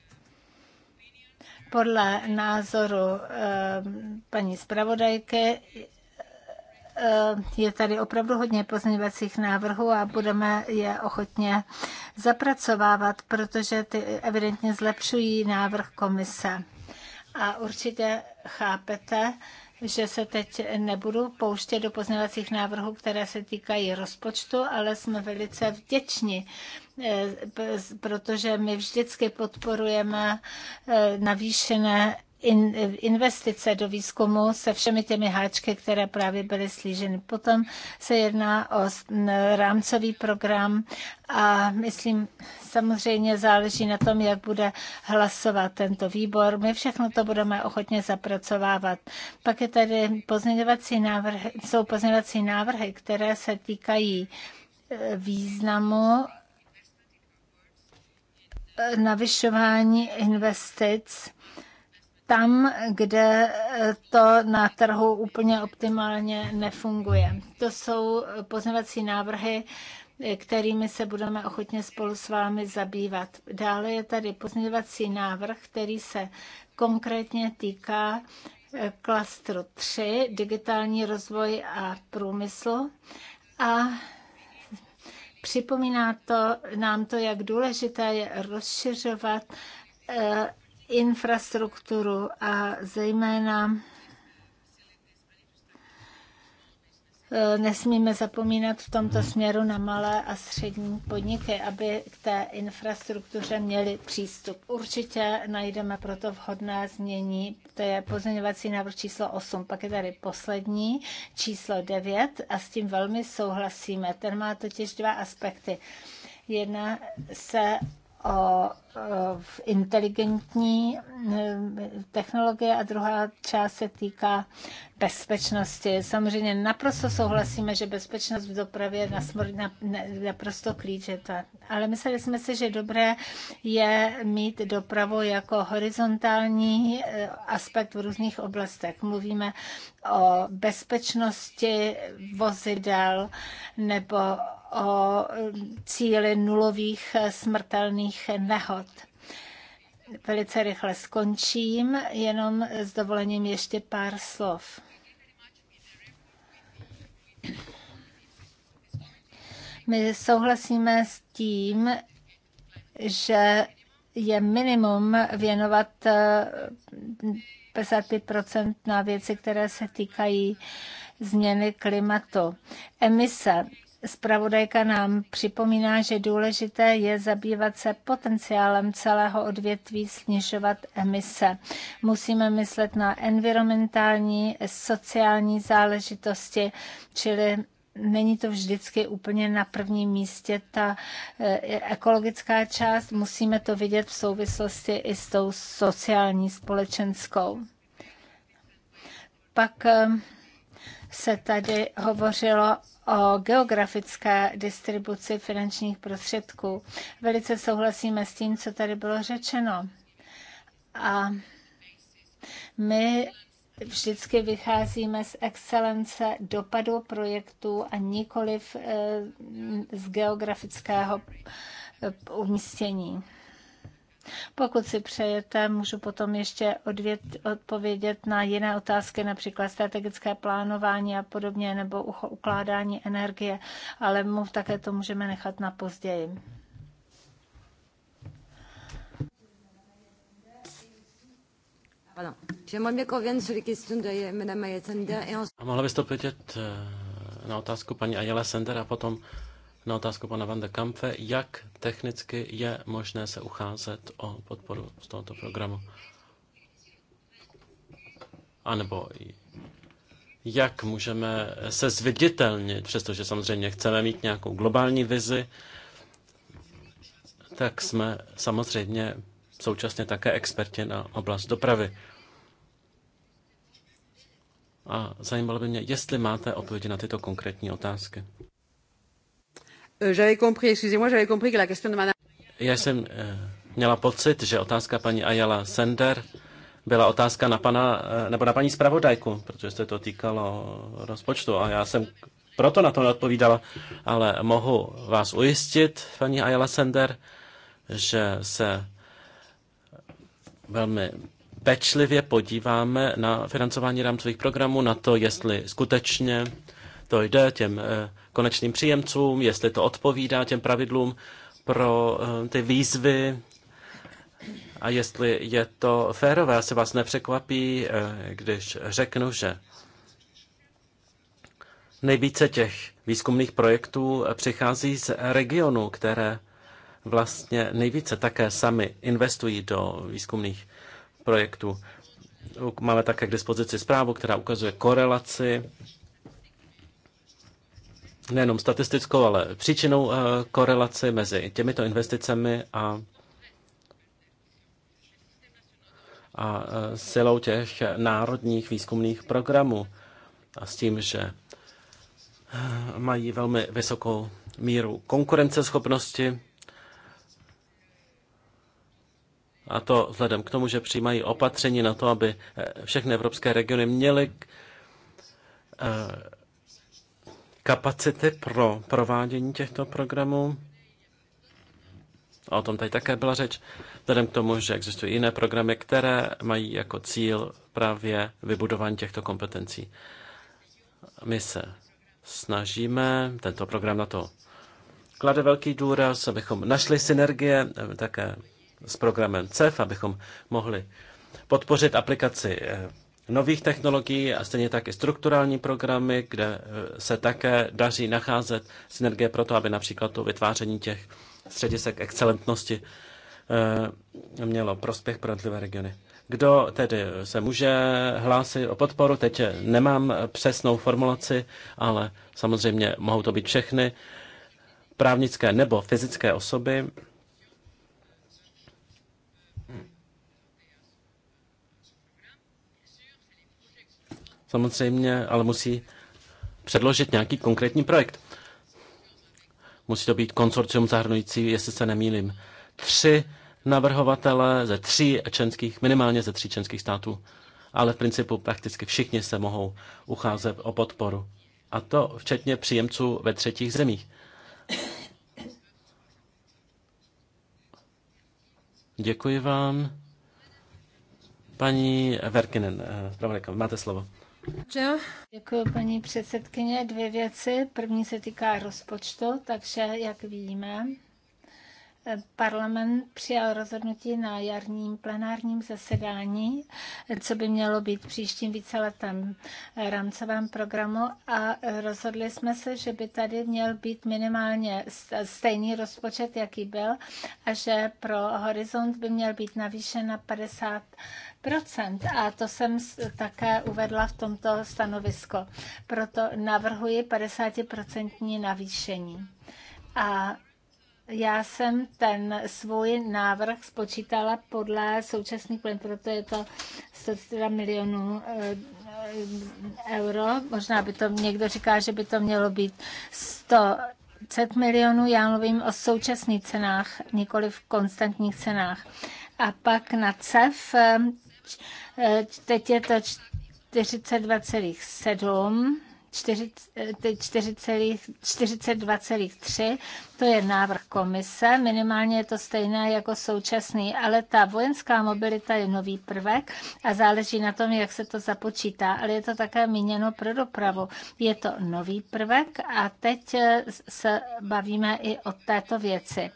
Podle názoru eh, paní zpravodajky je tady opravdu hodně pozměňovacích návrhů a budeme je ochotně zapracovávat, protože ty evidentně zlepšují návrh komise. A určitě chápete, že se teď nebudu pouštět do pozměňovacích návrhů, které se týkají rozpočtu, ale jsme velice vděční, eh, protože my vždycky podporujeme eh, navýšené investice do výzkumu se všemi těmi háčky, které právě byly slíženy. Potom se jedná o rámcový program a myslím, samozřejmě záleží na tom, jak bude hlasovat tento výbor. My všechno to budeme ochotně zapracovávat. Pak je tady pozměňovací návrhy, jsou pozměňovací návrhy, které se týkají e, významu e, navyšování investic tam, kde eh, to na trhu úplně optimálně nefunguje. To jsou pozměvací návrhy, eh, kterými se budeme ochotně spolu s vámi zabývat. Dále je tady pozměňovací návrh, který se konkrétně týká eh, klastru 3, digitální rozvoj a průmysl. A připomíná to nám to, jak důležité je rozšiřovat infrastrukturu a zejména e, nesmíme zapomínat v tomto mhm. směru na malé a střední podniky, aby k té infrastruktuře měli přístup. Určitě najdeme proto vhodné změní. To je pozměňovací návrh číslo 8, pak je tady poslední, číslo 9 a s tím velmi souhlasíme. Ten má totiž dva aspekty. Jedna se o v inteligentní eh, technologie a druhá část se týká bezpečnosti. Samozřejmě naprosto souhlasíme, že bezpečnost v dopravě je naprosto klíčetá. Ale mysleli jsme si, že dobré je mít dopravu jako horizontální eh, aspekt v různých oblastech. Mluvíme o bezpečnosti vozidel nebo o eh, cíli nulových smrtelných nehod život. Velice rychle skončím, jenom s dovolením ještě pár slov. My souhlasíme s tím, že je minimum věnovat 55 eh, na věci, které se týkají změny klimatu. Emise Spravodajka nám připomíná, že důležité je zabývat se potenciálem celého odvětví snižovat emise. Musíme myslet na environmentální, sociální záležitosti, čili není to vždycky úplně na prvním místě. Ta eh, ekologická část musíme to vidět v souvislosti i s tou sociální společenskou. Pak eh, se tady hovořilo o geografické distribuci finančních prostředků. Velice souhlasíme s tím, co tady bylo řečeno. A my vždycky vycházíme z excelence dopadu projektu a nikoliv eh, z geografického eh, umístění. Pokud si přejete, můžu potom ještě odvět, odpovědět na jiné otázky, například strategické plánování a podobně, nebo ukládání energie, ale mu také to můžeme nechat na později. A mohla byste odpovědět eh, na otázku paní Ayala Sender a potom na otázku pana Van Kampfe, jak technicky je možné se ucházet o podporu z tohoto programu. A nebo jak můžeme se zviditelnit, přestože samozřejmě chceme mít nějakou globální vizi, tak jsme samozřejmě současně také experti na oblast dopravy. A zajímalo by mě, jestli máte odpovědi na tyto konkrétní otázky. Euh, j'avais compris, excusez-moi, j'avais compris que la question de madame... Já jsem eh, měla pocit, že otázka paní Ayala Sender byla otázka na pana, eh, nebo na paní zpravodajku, protože se to týkalo rozpočtu a já jsem proto na to neodpovídala, ale mohu vás ujistit, paní Ayala Sender, že se velmi pečlivě podíváme na financování rámcových programů, na to, jestli skutečně to jde těm eh, konečným příjemcům, jestli to odpovídá těm pravidlům pro eh, ty výzvy a jestli je to férové. Asi vás nepřekvapí, eh, když řeknu, že nejvíce těch výzkumných projektů přichází z regionů, které vlastně nejvíce také sami investují do výzkumných projektů. Máme také k dispozici zprávu, která ukazuje korelaci nejenom statistickou, ale příčinou eh, korelaci mezi těmito investicemi a, a eh, silou těch národních výzkumných programů a s tím, že eh, mají velmi vysokou míru konkurenceschopnosti. A to vzhledem k tomu, že přijímají opatření na to, aby všechny evropské regiony měly kapacity pro provádění těchto programů. O tom tady také byla řeč, vzhledem k tomu, že existují jiné programy, které mají jako cíl právě vybudování těchto kompetencí. My se snažíme, tento program na to klade velký důraz, abychom našli synergie eh, také s programem CEF, abychom mohli podpořit aplikaci eh, nových technologií a stejně tak i strukturální programy, kde eh, se také daří nacházet synergie pro to, aby například to vytváření těch středisek excelentnosti eh, mělo prospěch pro jednotlivé regiony. Kdo tedy se může hlásit o podporu? Teď nemám přesnou formulaci, ale samozřejmě mohou to být všechny právnické nebo fyzické osoby. samozřejmě, ale musí předložit nějaký konkrétní projekt. Musí to být konsorcium zahrnující, jestli se nemýlím, tři navrhovatele ze tří členských, minimálně ze tří členských států, ale v principu prakticky všichni se mohou ucházet o podporu. A to včetně příjemců ve třetích zemích. Děkuji vám. Paní Verkinen, eh, máte slovo. Děkuji, paní předsedkyně. Dvě věci. První se týká rozpočtu, takže, jak víme, Parlament přijal rozhodnutí na jarním plenárním zasedání, co by mělo být příštím víceletém rámcovém programu a rozhodli jsme se, že by tady měl být minimálně stejný rozpočet, jaký byl a že pro Horizont by měl být navýšen na 50 a to jsem také uvedla v tomto stanovisku. Proto navrhuji 50% navýšení. A já jsem ten svůj návrh spočítala podle současných plen, proto je to 100 milionů eh, euro. Možná by to někdo říká, že by to mělo být 100 30 milionů, já mluvím o současných cenách, nikoli v konstantních cenách. A pak na CEF eh, Teď je to 42,3, to je návrh komise, minimálně je to stejné jako současný, ale ta vojenská mobilita je nový prvek a záleží na tom, jak se to započítá, ale je to také míněno pro dopravu. Je to nový prvek a teď se bavíme i o této věci.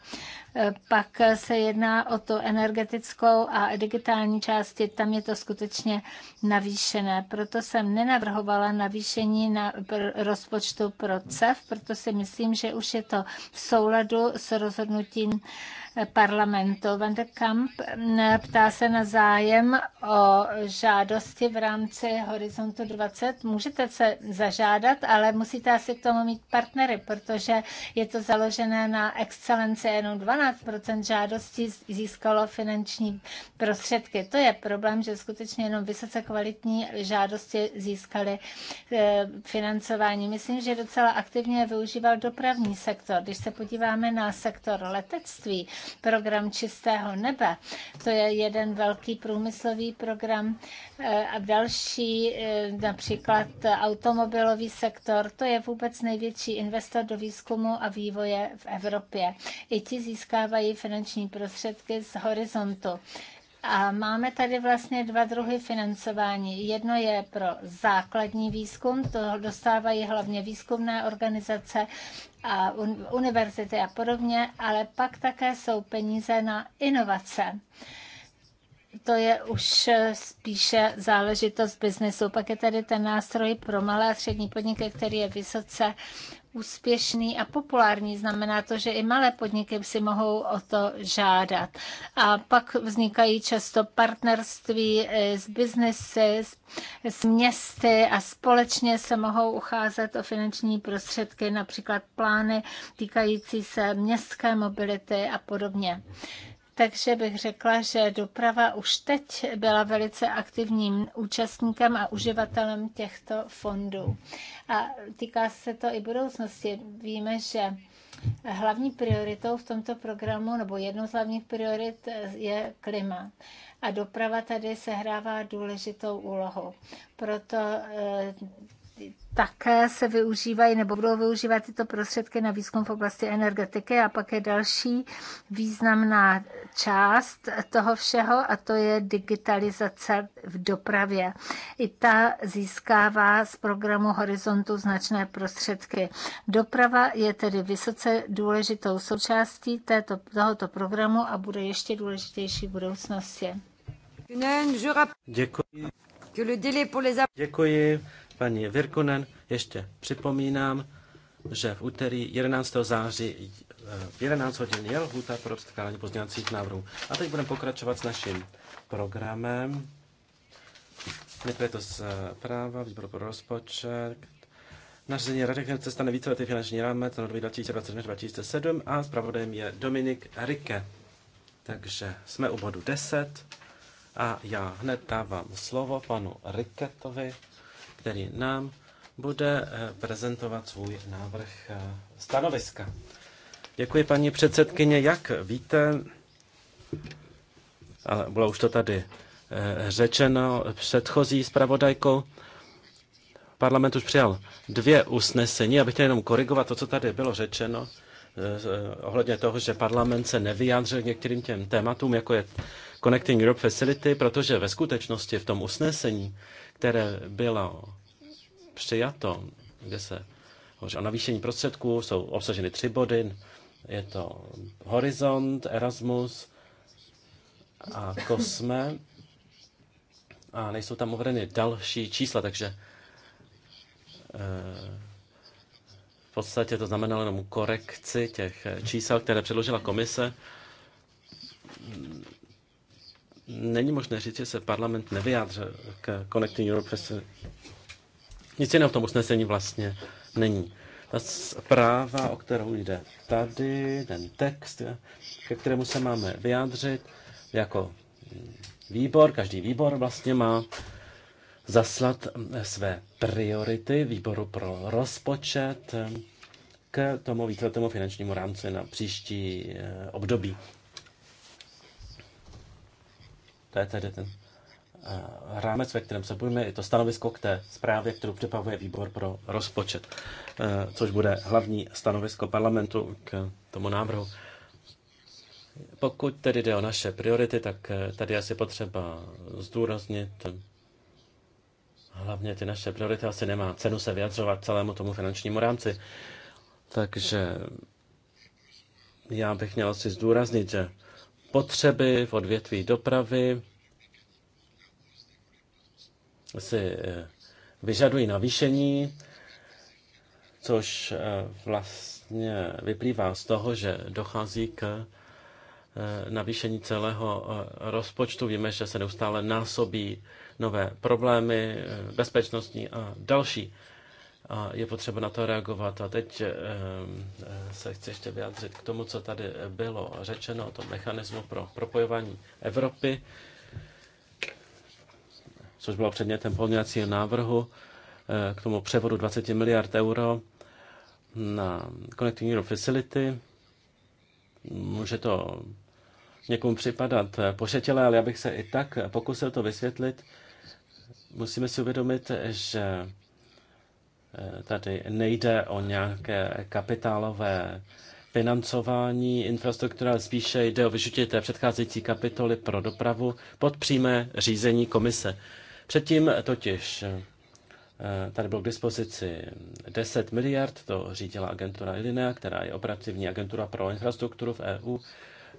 Pak se jedná o tu energetickou a digitální části, tam je to skutečně navýšené. Proto jsem nenavrhovala navýšení na rozpočtu pro CEF, proto si myslím, že už je to v souladu s rozhodnutím parlamentu. Van de Kamp ptá se na zájem o žádosti v rámci Horizontu 20. Můžete se zažádat, ale musíte asi k tomu mít partnery, protože je to založené na excelenci. Jenom 12 žádostí získalo finanční prostředky. To je problém, že skutečně jenom vysoce kvalitní žádosti získaly e, financování. Myslím, že docela aktivně využíval dopravní sektor. Když se podíváme na sektor letectví, program Čistého nebe. To je jeden velký průmyslový program e, a další, e, například automobilový sektor, to je vůbec největší investor do výzkumu a vývoje v Evropě. I ti získávají finanční prostředky z horizontu. A máme tady vlastně dva druhy financování. Jedno je pro základní výzkum, to dostávají hlavně výzkumné organizace a univerzity a podobně, ale pak také jsou peníze na inovace to je už eh, spíše záležitost biznesu. Pak je tady ten nástroj pro malé a střední podniky, který je vysoce úspěšný a populární. Znamená to, že i malé podniky si mohou o to žádat. A pak vznikají často partnerství eh, s biznesy, s městy a společně se mohou ucházet o finanční prostředky, například plány týkající se městské mobility a podobně takže bych řekla, že doprava už teď byla velice aktivním účastníkem a uživatelem těchto fondů. A týká se to i budoucnosti. Víme, že hlavní prioritou v tomto programu, nebo jednou z hlavních priorit je klima. A doprava tady sehrává důležitou úlohu. Proto eh, také se využívají nebo budou využívat tyto prostředky na výzkum v oblasti energetiky a pak je další významná část toho všeho a to je digitalizace v dopravě. I ta získává z programu Horizontu značné prostředky. Doprava je tedy vysoce důležitou součástí této, tohoto programu a bude ještě důležitější v budoucnosti. Děkuji. Děkuji paní Virkunen. Ještě připomínám, že v úterý 11. září 11 eh, hodin je lhůta pro předkládání pozdějacích návrhů. A teď budeme pokračovat s naším programem. Nejprve to z eh, práva výboru pro rozpočet. Nařízení Rady, které se stane víceletý finanční rámec na 2020-2027 2007 a zpravodajem je Dominik Rike. Takže jsme u bodu 10 a já hned dávám slovo panu Riketovi který nám bude eh, prezentovat svůj návrh eh, stanoviska. Děkuji, paní předsedkyně. Jak víte, ale bylo už to tady eh, řečeno předchozí zpravodajkou, parlament už přijal dvě usnesení, abych chtěl jenom korigovat to, co tady bylo řečeno, ohledně toho, že parlament se nevyjádřil některým těm tématům, jako je Connecting Europe Facility, protože ve skutečnosti v tom usnesení, které bylo přijato, kde se hovoří o navýšení prostředků, jsou obsaženy tři body, je to Horizont, Erasmus a Kosme a nejsou tam uvedeny další čísla, takže eh, v podstatě to znamenalo jenom korekci těch eh, čísel, které předložila komise. Není možné říct, že se parlament nevyjádřil k Connecting Europe nic jiného v tom usnesení vlastně není. Ta zpráva, o kterou jde tady, ten text, ke kterému se máme vyjádřit, jako výbor, každý výbor vlastně má zaslat své priority výboru pro rozpočet k tomu výkladnému finančnímu rámci na příští eh, období. To je tedy ten Eh, rámec, ve kterém se budeme, je to stanovisko k té zprávě, kterou připravuje výbor pro rozpočet, eh, což bude hlavní stanovisko parlamentu k tomu návrhu. Pokud tedy jde o naše priority, tak eh, tady asi potřeba zdůraznit hlavně ty naše priority. Asi nemá cenu se vyjadřovat celému tomu finančnímu rámci. Takže já bych měl asi zdůraznit, že potřeby v odvětví dopravy si eh, vyžadují navýšení, což eh, vlastně vyplývá z toho, že dochází k eh, navýšení celého rozpočtu. Víme, že se neustále násobí nové problémy, bezpečnostní a další. A je potřeba na to reagovat. A teď se chci ještě vyjádřit k tomu, co tady bylo řečeno o tom mechanismu pro propojování Evropy což bylo předmětem pozměňovacího návrhu eh, k tomu převodu 20 miliard euro na Connecting Europe Facility. Může to někomu připadat eh, pošetilé, ale já bych se i tak pokusil to vysvětlit. Musíme si uvědomit, že eh, tady nejde o nějaké kapitálové financování infrastruktury, ale spíše jde o vyžití té předcházející kapitoly pro dopravu pod přímé řízení komise. Předtím totiž eh, tady bylo k dispozici 10 miliard, to řídila agentura Ilinea, která je operativní agentura pro infrastrukturu v EU,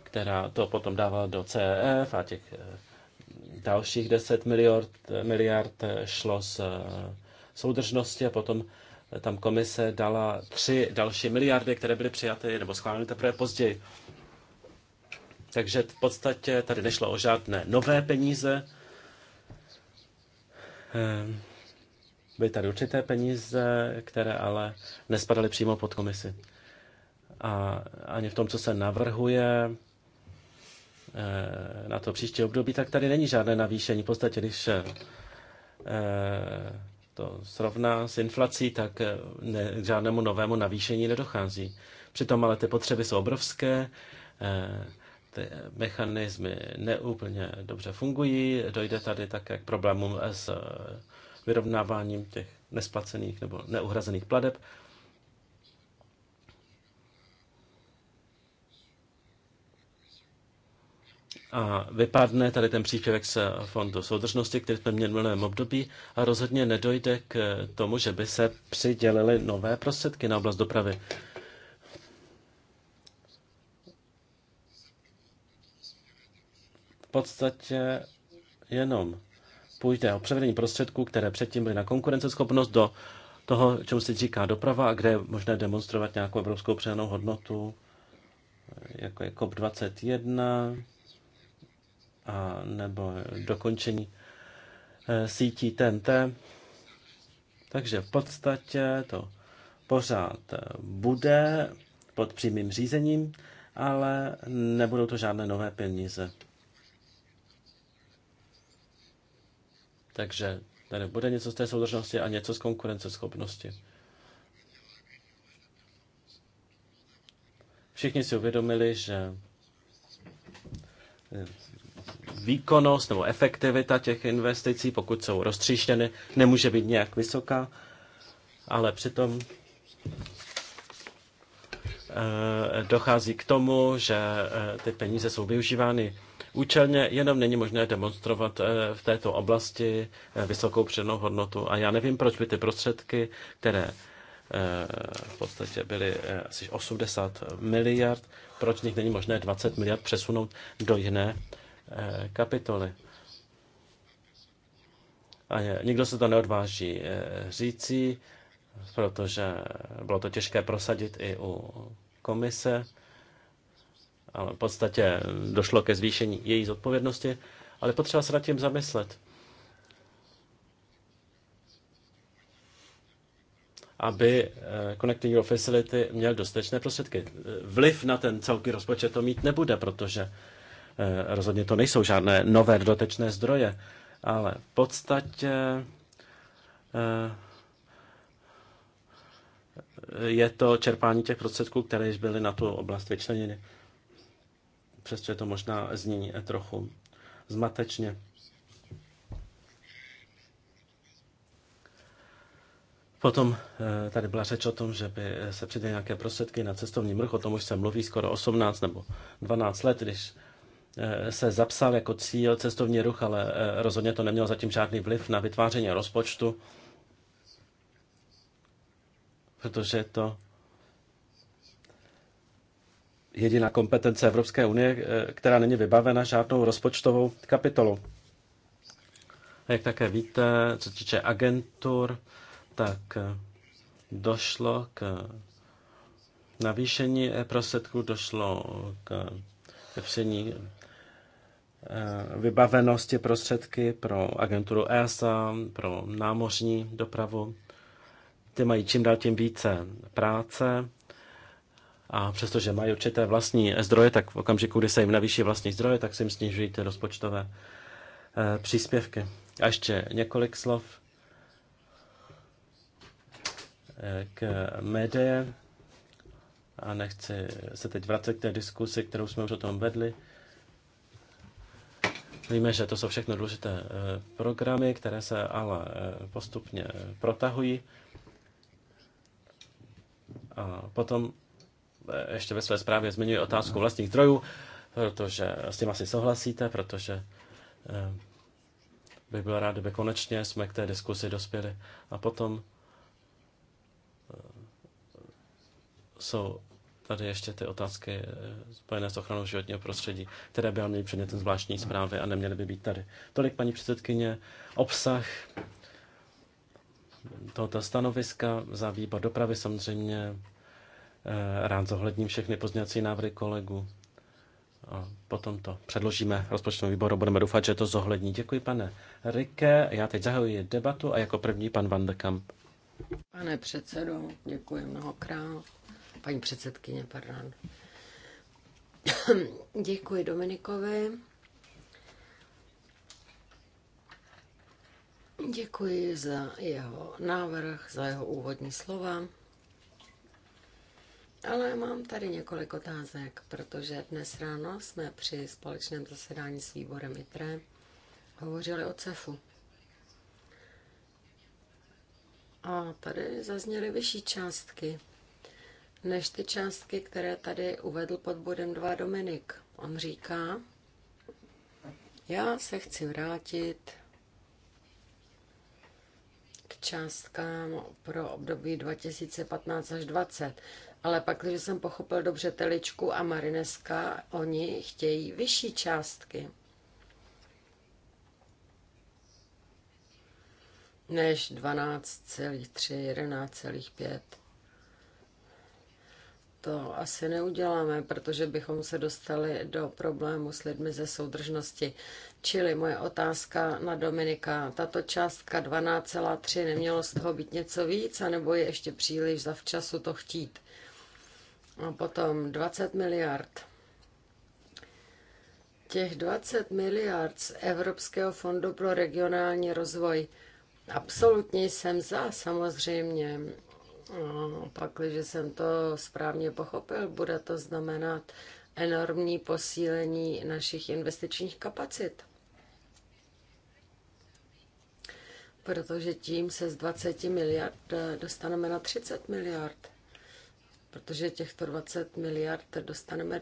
která to potom dávala do CEF a těch eh, dalších 10 miliard, miliard eh, šlo z soudržnosti a potom tam komise dala tři další miliardy, které byly přijaty nebo schváleny teprve později. Takže v podstatě tady nešlo o žádné nové peníze, Ehm, byly tady určité peníze, které ale nespadaly přímo pod komisi. A ani v tom, co se navrhuje eh, na to příští období, tak tady není žádné navýšení. V podstatě, když eh, to srovná s inflací, tak eh, ne, k žádnému novému navýšení nedochází. Přitom ale ty potřeby jsou obrovské ty mechanismy neúplně dobře fungují. Dojde tady také k problémům s vyrovnáváním těch nesplacených nebo neuhrazených pladeb. A vypadne tady ten příspěvek z fondu soudržnosti, který jsme měli v minulém období, a rozhodně nedojde k tomu, že by se přidělily nové prostředky na oblast dopravy. podstatě jenom půjde o převedení prostředků, které předtím byly na konkurenceschopnost do toho, čemu se říká doprava a kde je možné demonstrovat nějakou evropskou přenou hodnotu, jako je COP21, a nebo dokončení eh, sítí TNT. Takže v podstatě to pořád eh, bude pod přímým řízením, ale nebudou to žádné nové peníze. Takže tady bude něco z té soudržnosti a něco z konkurenceschopnosti. Všichni si uvědomili, že eh, výkonnost nebo efektivita těch investicí, pokud jsou roztříštěny, nemůže být nějak vysoká, ale přitom eh, dochází k tomu, že eh, ty peníze jsou využívány účelně, jenom není možné demonstrovat eh, v této oblasti eh, vysokou přednou hodnotu. A já nevím, proč by ty prostředky, které eh, v podstatě byly asi 80 miliard, proč nich není možné 20 miliard přesunout do jiné kapitoly. A nikdo se to neodváží říci, protože bylo to těžké prosadit i u komise ale v podstatě došlo ke zvýšení její zodpovědnosti, ale potřeba se nad tím zamyslet. aby eh, Connecting Your Facility měl dostatečné prostředky. Vliv na ten celký rozpočet to mít nebude, protože eh, rozhodně to nejsou žádné nové dotečné zdroje, ale v podstatě eh, je to čerpání těch prostředků, které již byly na tu oblast vyčleněny přestože to možná zní trochu zmatečně. Potom eh, tady byla řeč o tom, že by se přidali nějaké prostředky na cestovní mrch, o tom už se mluví skoro 18 nebo 12 let, když eh, se zapsal jako cíl cestovní ruch, ale eh, rozhodně to nemělo zatím žádný vliv na vytváření rozpočtu, protože to jediná kompetence Evropské unie, eh, která není vybavena žádnou rozpočtovou kapitolou. A jak také víte, co týče agentur, tak eh, došlo k navýšení eh, prostředků, došlo k zlepšení vybavenosti prostředky pro agenturu EASA, pro námořní dopravu. Ty mají čím dál tím více práce a přestože mají určité vlastní zdroje, tak v okamžiku, kdy se jim navýší vlastní zdroje, tak se jim snižují ty rozpočtové eh, příspěvky. A ještě několik slov eh, k médie. A nechci se teď vracet k té diskusi, kterou jsme už o tom vedli. Víme, že to jsou všechno důležité eh, programy, které se ale postupně protahují. A potom ještě ve své zprávě zmiňuje otázku vlastních zdrojů, protože s tím asi souhlasíte, protože eh, bych byl rád, kdyby konečně jsme k té diskusi dospěli. A potom eh, jsou tady ještě ty otázky eh, spojené s ochranou životního prostředí, které by měly předmětem zvláštní zprávy a neměly by být tady. Tolik, paní předsedkyně, obsah tohoto stanoviska za výbor dopravy samozřejmě Eh, rád zohledním všechny pozměňovací návrhy kolegů. A potom to předložíme rozpočtovému výboru, budeme doufat, že to zohlední. Děkuji, pane Rike. Já teď zahajuji debatu a jako první pan Van de Kamp. Pane předsedo, děkuji mnohokrát. Paní předsedkyně, pardon. děkuji Dominikovi. Děkuji za jeho návrh, za jeho úvodní slova. Ale mám tady několik otázek, protože dnes ráno jsme při společném zasedání s výborem ITRE hovořili o CEFu. A tady zazněly vyšší částky než ty částky, které tady uvedl pod bodem 2 Dominik. On říká, já se chci vrátit k částkám pro období 2015 až 2020. Ale pak, když jsem pochopil dobře teličku a marineska, oni chtějí vyšší částky. Než 12,3, 11,5. To asi neuděláme, protože bychom se dostali do problému s lidmi ze soudržnosti. Čili moje otázka na Dominika. Tato částka 12,3 nemělo z toho být něco víc, anebo je ještě příliš zavčasu to chtít? A potom 20 miliard. Těch 20 miliard z Evropského fondu pro regionální rozvoj. Absolutně jsem za, samozřejmě. No, pak, když jsem to správně pochopil, bude to znamenat enormní posílení našich investičních kapacit. Protože tím se z 20 miliard eh, dostaneme na 30 miliard protože těch 20 miliard dostaneme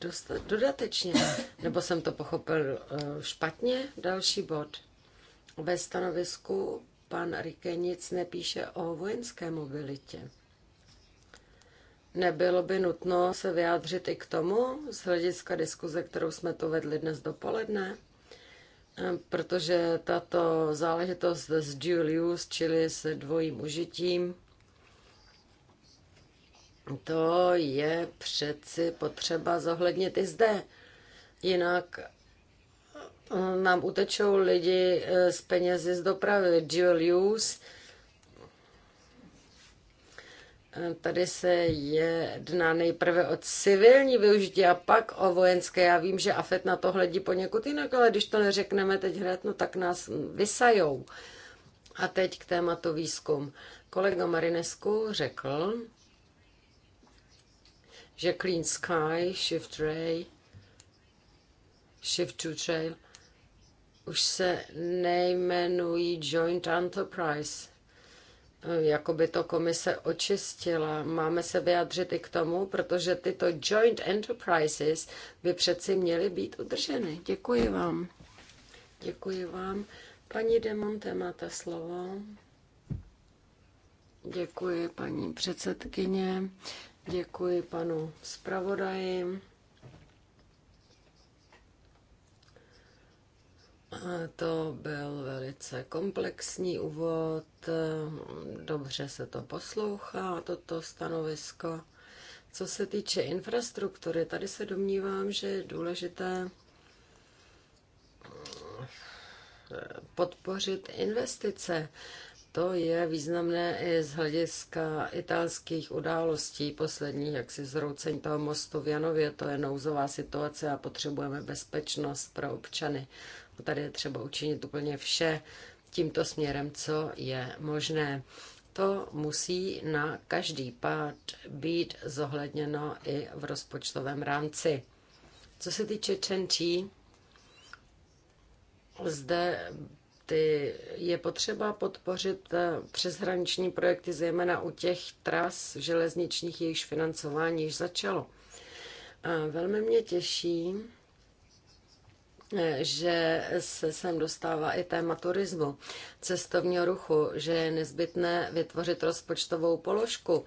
dost, dodatečně. Nebo jsem to pochopil eh, špatně? Další bod. Ve stanovisku pan Rikenic nepíše o vojenské mobilitě. Nebylo by nutno se vyjádřit i k tomu z hlediska diskuze, kterou jsme tu vedli dnes dopoledne? Eh, protože tato záležitost s dual use, čili se dvojím užitím, to je přeci potřeba zohlednit i zde. Jinak eh, nám utečou lidi z eh, penězi z dopravy. Dual use. Eh, tady se jedná nejprve o civilní využití a pak o vojenské. Já vím, že AFET na to hledí poněkud jinak, ale když to neřekneme teď hned, no tak nás vysajou. A teď k tématu výzkum. Kolega Marinesku řekl, že Clean Sky, Shift Ray, Shift to Trail už se nejmenují Joint Enterprise. Eh, Jakoby to komise očistila. Máme se vyjadřit i k tomu, protože tyto Joint Enterprises by přeci měly být udrženy. Děkuji vám. Děkuji vám. Paní Demonte, máte slovo. Děkuji, paní předsedkyně. Děkuji panu zpravodaji. To byl velice komplexní úvod, dobře se to poslouchá, toto stanovisko. Co se týče infrastruktury, tady se domnívám, že je důležité podpořit investice to je významné i z hlediska italských událostí posledních, jak si zroucení toho mostu v Janově. To je nouzová situace a potřebujeme bezpečnost pro občany. A tady je třeba učinit úplně vše tímto směrem, co je možné. To musí na každý pád být zohledněno i v rozpočtovém rámci. Co se týče Čenčí, zde projekty. Je potřeba podpořit eh, přeshraniční projekty, zejména u těch tras železničních, jejichž financování již začalo. A velmi mě těší, eh, že se sem dostává i téma turismu, cestovního ruchu, že je nezbytné vytvořit rozpočtovou položku,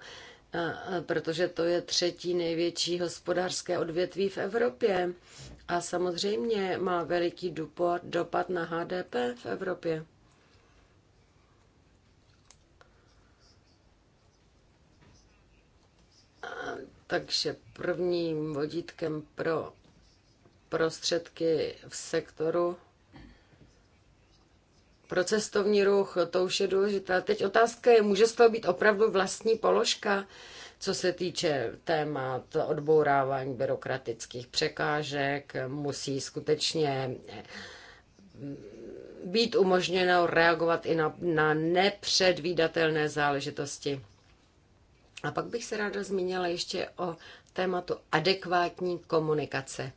protože to je třetí největší hospodářské odvětví v Evropě a samozřejmě má veliký dopad na HDP v Evropě. Takže prvním vodítkem pro prostředky v sektoru pro cestovní ruch, to už je důležité. Teď otázka je, může z toho být opravdu vlastní položka, co se týče témat odbourávání byrokratických překážek, musí skutečně mm, být umožněno reagovat i na, na nepředvídatelné záležitosti. A pak bych se ráda zmínila ještě o tématu adekvátní komunikace.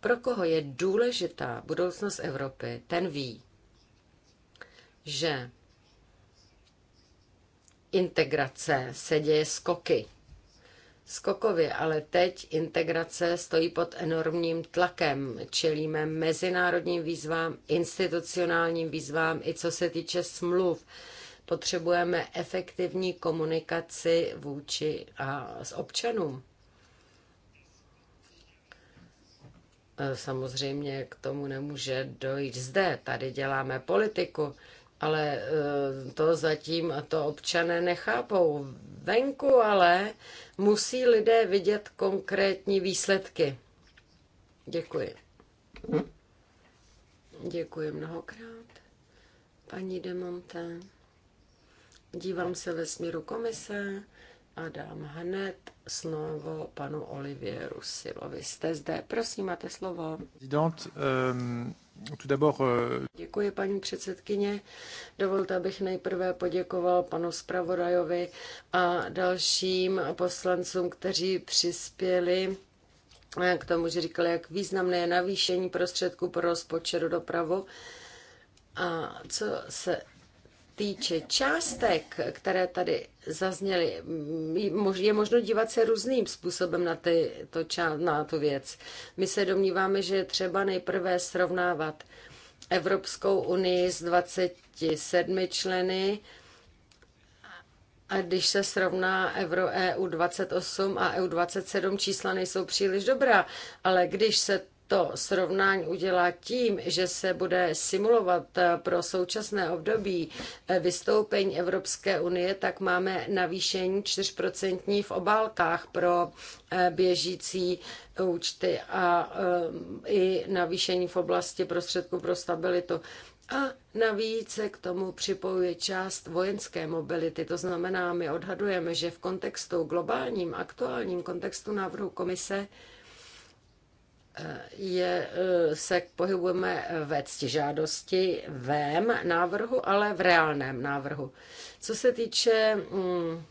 Pro koho je důležitá budoucnost Evropy, ten ví, že integrace se děje skoky. Skokově, ale teď integrace stojí pod enormním tlakem. Čelíme mezinárodním výzvám, institucionálním výzvám i co se týče smluv. Potřebujeme efektivní komunikaci vůči a s občanům. Samozřejmě k tomu nemůže dojít zde. Tady děláme politiku ale eh, to zatím a to občané nechápou. Venku ale musí lidé vidět konkrétní výsledky. Děkuji. Hm? Děkuji mnohokrát, paní Demonte. Dívám se ve směru komise a dám hned slovo panu Olivieru Silovi. Jste zde, prosím, máte slovo. Didant, um... Ehm, Eh, Děkuji, paní předsedkyně. Dovolte, abych nejprve poděkoval panu Spravodajovi a dalším poslancům, kteří přispěli eh, k tomu, že říkali, jak významné je navýšení prostředků pro rozpočet dopravu. A co se týče částek, které tady zazněly, je možno dívat se různým způsobem na, ty, to ča, na tu věc. My se domníváme, že je třeba nejprve srovnávat Evropskou unii s 27 členy, a když se srovná Euro EU 28 a EU 27, čísla nejsou příliš dobrá, ale když se to srovnání udělá tím, že se bude simulovat pro současné období vystoupení Evropské unie, tak máme navýšení 4% v obálkách pro eh, běžící účty a eh, i navýšení v oblasti prostředků pro stabilitu. A navíc se k tomu připojuje část vojenské mobility. To znamená, my odhadujeme, že v kontextu globálním, aktuálním kontextu návrhu komise je, eh, se pohybujeme ve ctižádosti vém návrhu, ale v reálném návrhu. Co se týče mm,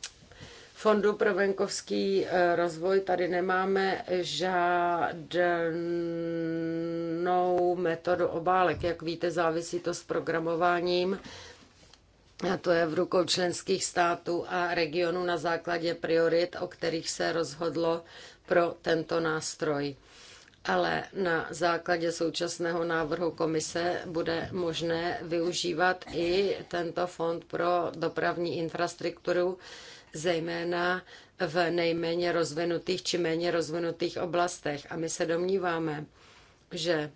Fondu pro venkovský eh, rozvoj tady nemáme žádnou metodu obálek. Jak víte, závisí to s programováním. A to je v rukou členských států a regionů na základě priorit, o kterých se rozhodlo pro tento nástroj ale na základě současného návrhu komise bude možné využívat i tento fond pro dopravní infrastrukturu, zejména v nejméně rozvinutých či méně rozvinutých oblastech. A my se domníváme, že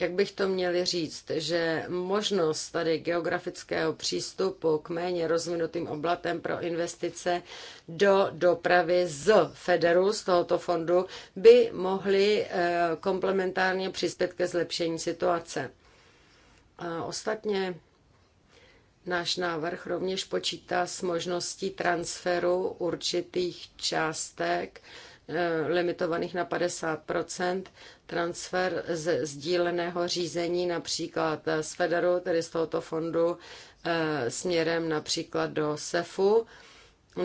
jak bych to měli říct, že možnost tady geografického přístupu k méně rozvinutým oblatem pro investice do dopravy z Federu, z tohoto fondu, by mohly eh, komplementárně přispět ke zlepšení situace. A ostatně Náš návrh rovněž počítá s možností transferu určitých částek Eh, limitovaných na 50 transfer z sdíleného řízení například eh, z Federu, tedy z tohoto fondu, eh, směrem například do SEFu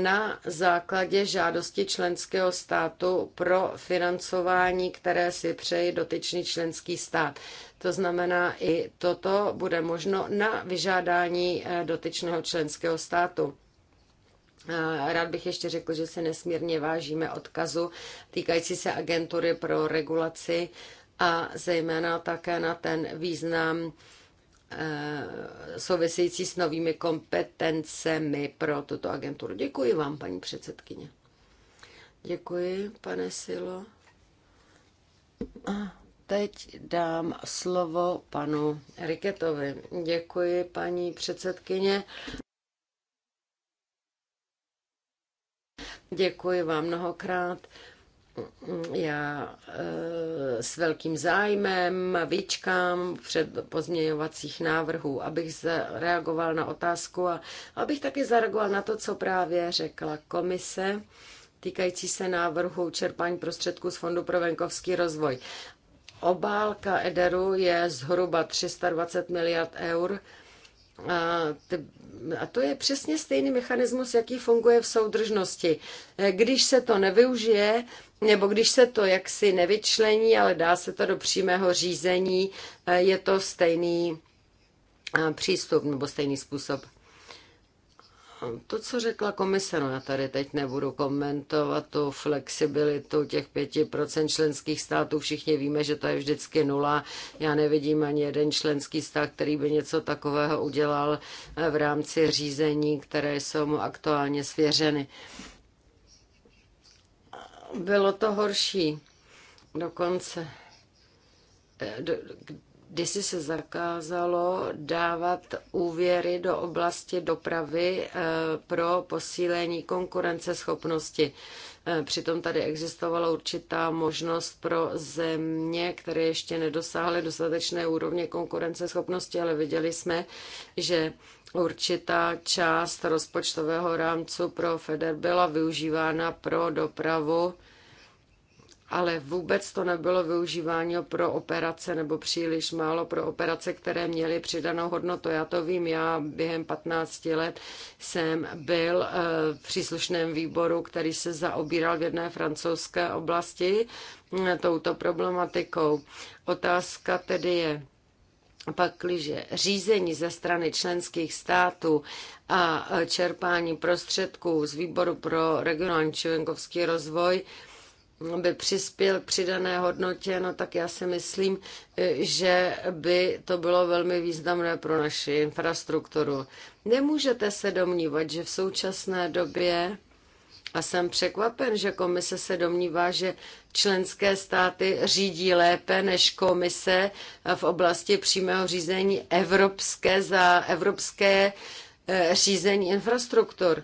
na základě žádosti členského státu pro financování, které si přeji dotyčný členský stát. To znamená, i toto bude možno na vyžádání dotyčného členského státu. Eh, rád bych ještě řekl, že se nesmírně vážíme odkazu týkající se agentury pro regulaci a zejména také na ten význam eh, související s novými kompetencemi pro tuto agenturu. Děkuji vám, paní předsedkyně. Děkuji, pane Silo. A teď dám slovo panu Riketovi. Děkuji, paní předsedkyně. Děkuji vám mnohokrát. Já eh, s velkým zájmem vyčkám před pozměňovacích návrhů, abych zareagoval na otázku a abych taky zareagoval na to, co právě řekla komise týkající se návrhu čerpání prostředků z Fondu pro venkovský rozvoj. Obálka Ederu je zhruba 320 miliard eur a to je přesně stejný mechanismus, jaký funguje v soudržnosti. Když se to nevyužije, nebo když se to jaksi nevyčlení, ale dá se to do přímého řízení, je to stejný přístup nebo stejný způsob to, co řekla komise, no já tady teď nebudu komentovat tu flexibilitu těch 5% členských států. Všichni víme, že to je vždycky nula. Já nevidím ani jeden členský stát, který by něco takového udělal eh, v rámci řízení, které jsou mu aktuálně svěřeny. Bylo to horší dokonce eh, kdysi se zakázalo dávat úvěry do oblasti dopravy eh, pro posílení konkurenceschopnosti. Eh, přitom tady existovala určitá možnost pro země, které ještě nedosáhly dostatečné úrovně konkurenceschopnosti, ale viděli jsme, že určitá část rozpočtového rámcu pro FEDER byla využívána pro dopravu ale vůbec to nebylo využíváno pro operace nebo příliš málo pro operace, které měly přidanou hodnotu. Já to vím, já během 15 let jsem byl eh, v příslušném výboru, který se zaobíral v jedné francouzské oblasti eh, touto problematikou. Otázka tedy je, pakliže řízení ze strany členských států a eh, čerpání prostředků z výboru pro regionální členkovský rozvoj by přispěl k přidané hodnotě, no tak já si myslím, že by to bylo velmi významné pro naši infrastrukturu. Nemůžete se domnívat, že v současné době a jsem překvapen, že komise se domnívá, že členské státy řídí lépe než komise v oblasti přímého řízení evropské za evropské eh, řízení infrastruktur.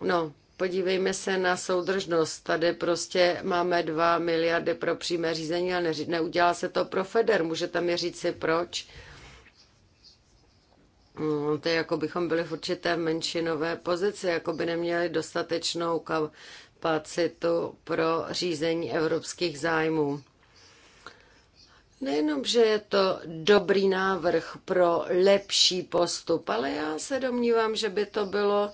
No, Podívejme se na soudržnost. Tady prostě máme 2 miliardy pro přímé řízení, ale neudělá se to pro FEDER. Můžete mi říct si proč? No, to je jako bychom byli v určité menšinové pozici, jako by neměli dostatečnou kapacitu pro řízení evropských zájmů. Nejenom, že je to dobrý návrh pro lepší postup, ale já se domnívám, že by to bylo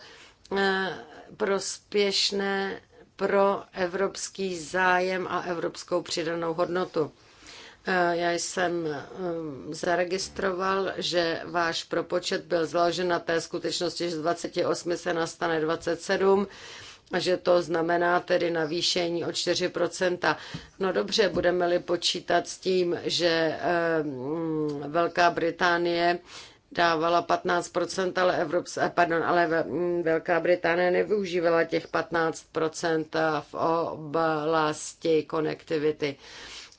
eh, prospěšné pro evropský zájem a evropskou přidanou hodnotu. Eh, já jsem eh, zaregistroval, že váš propočet byl založen na té skutečnosti, že z 28 se nastane 27 a že to znamená tedy navýšení o 4%. No dobře, budeme-li počítat s tím, že eh, Velká Británie dávala 15%, ale, Evropská, eh, pardon, ale mm, Velká Británie nevyužívala těch 15% v oblasti konektivity.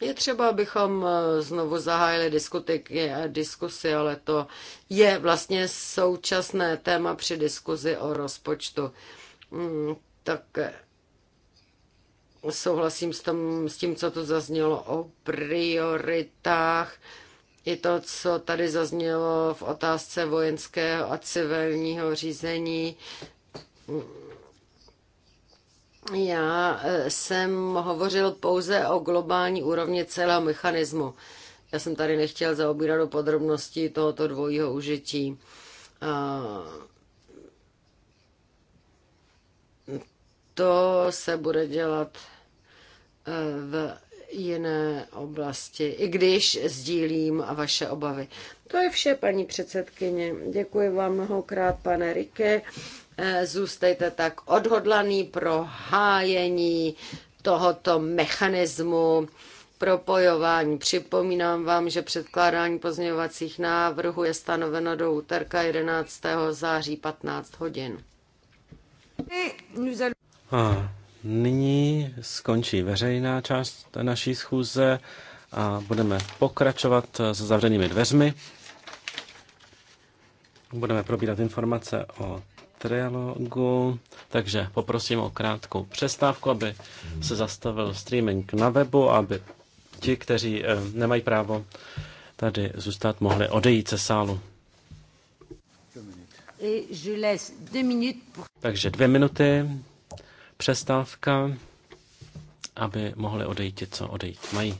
Je třeba, abychom eh, znovu zahájili diskuty, eh, diskusy, ale to je vlastně současné téma při diskuzi o rozpočtu. Mm, tak souhlasím s tím, s tím co tu zaznělo o prioritách i to, co tady zaznělo v otázce vojenského a civilního řízení. Já eh, jsem hovořil pouze o globální úrovni celého mechanismu. Já jsem tady nechtěl zaobírat do podrobností tohoto dvojího užití. To se bude dělat eh, v jiné oblasti, i když sdílím vaše obavy. To je vše, paní předsedkyně. Děkuji vám mnohokrát, pane Rike. Eh, zůstejte tak odhodlaný pro hájení tohoto mechanismu propojování. Připomínám vám, že předkládání pozměňovacích návrhů je stanoveno do úterka 11. září 15 hodin. Eh, ah. Nyní skončí veřejná část naší schůze a budeme pokračovat se zavřenými dveřmi. Budeme probírat informace o trialogu, takže poprosím o krátkou přestávku, aby se zastavil streaming na webu, aby ti, kteří eh, nemají právo tady zůstat, mohli odejít ze sálu. Takže dvě minuty přestávka, aby mohli odejít co odejít mají.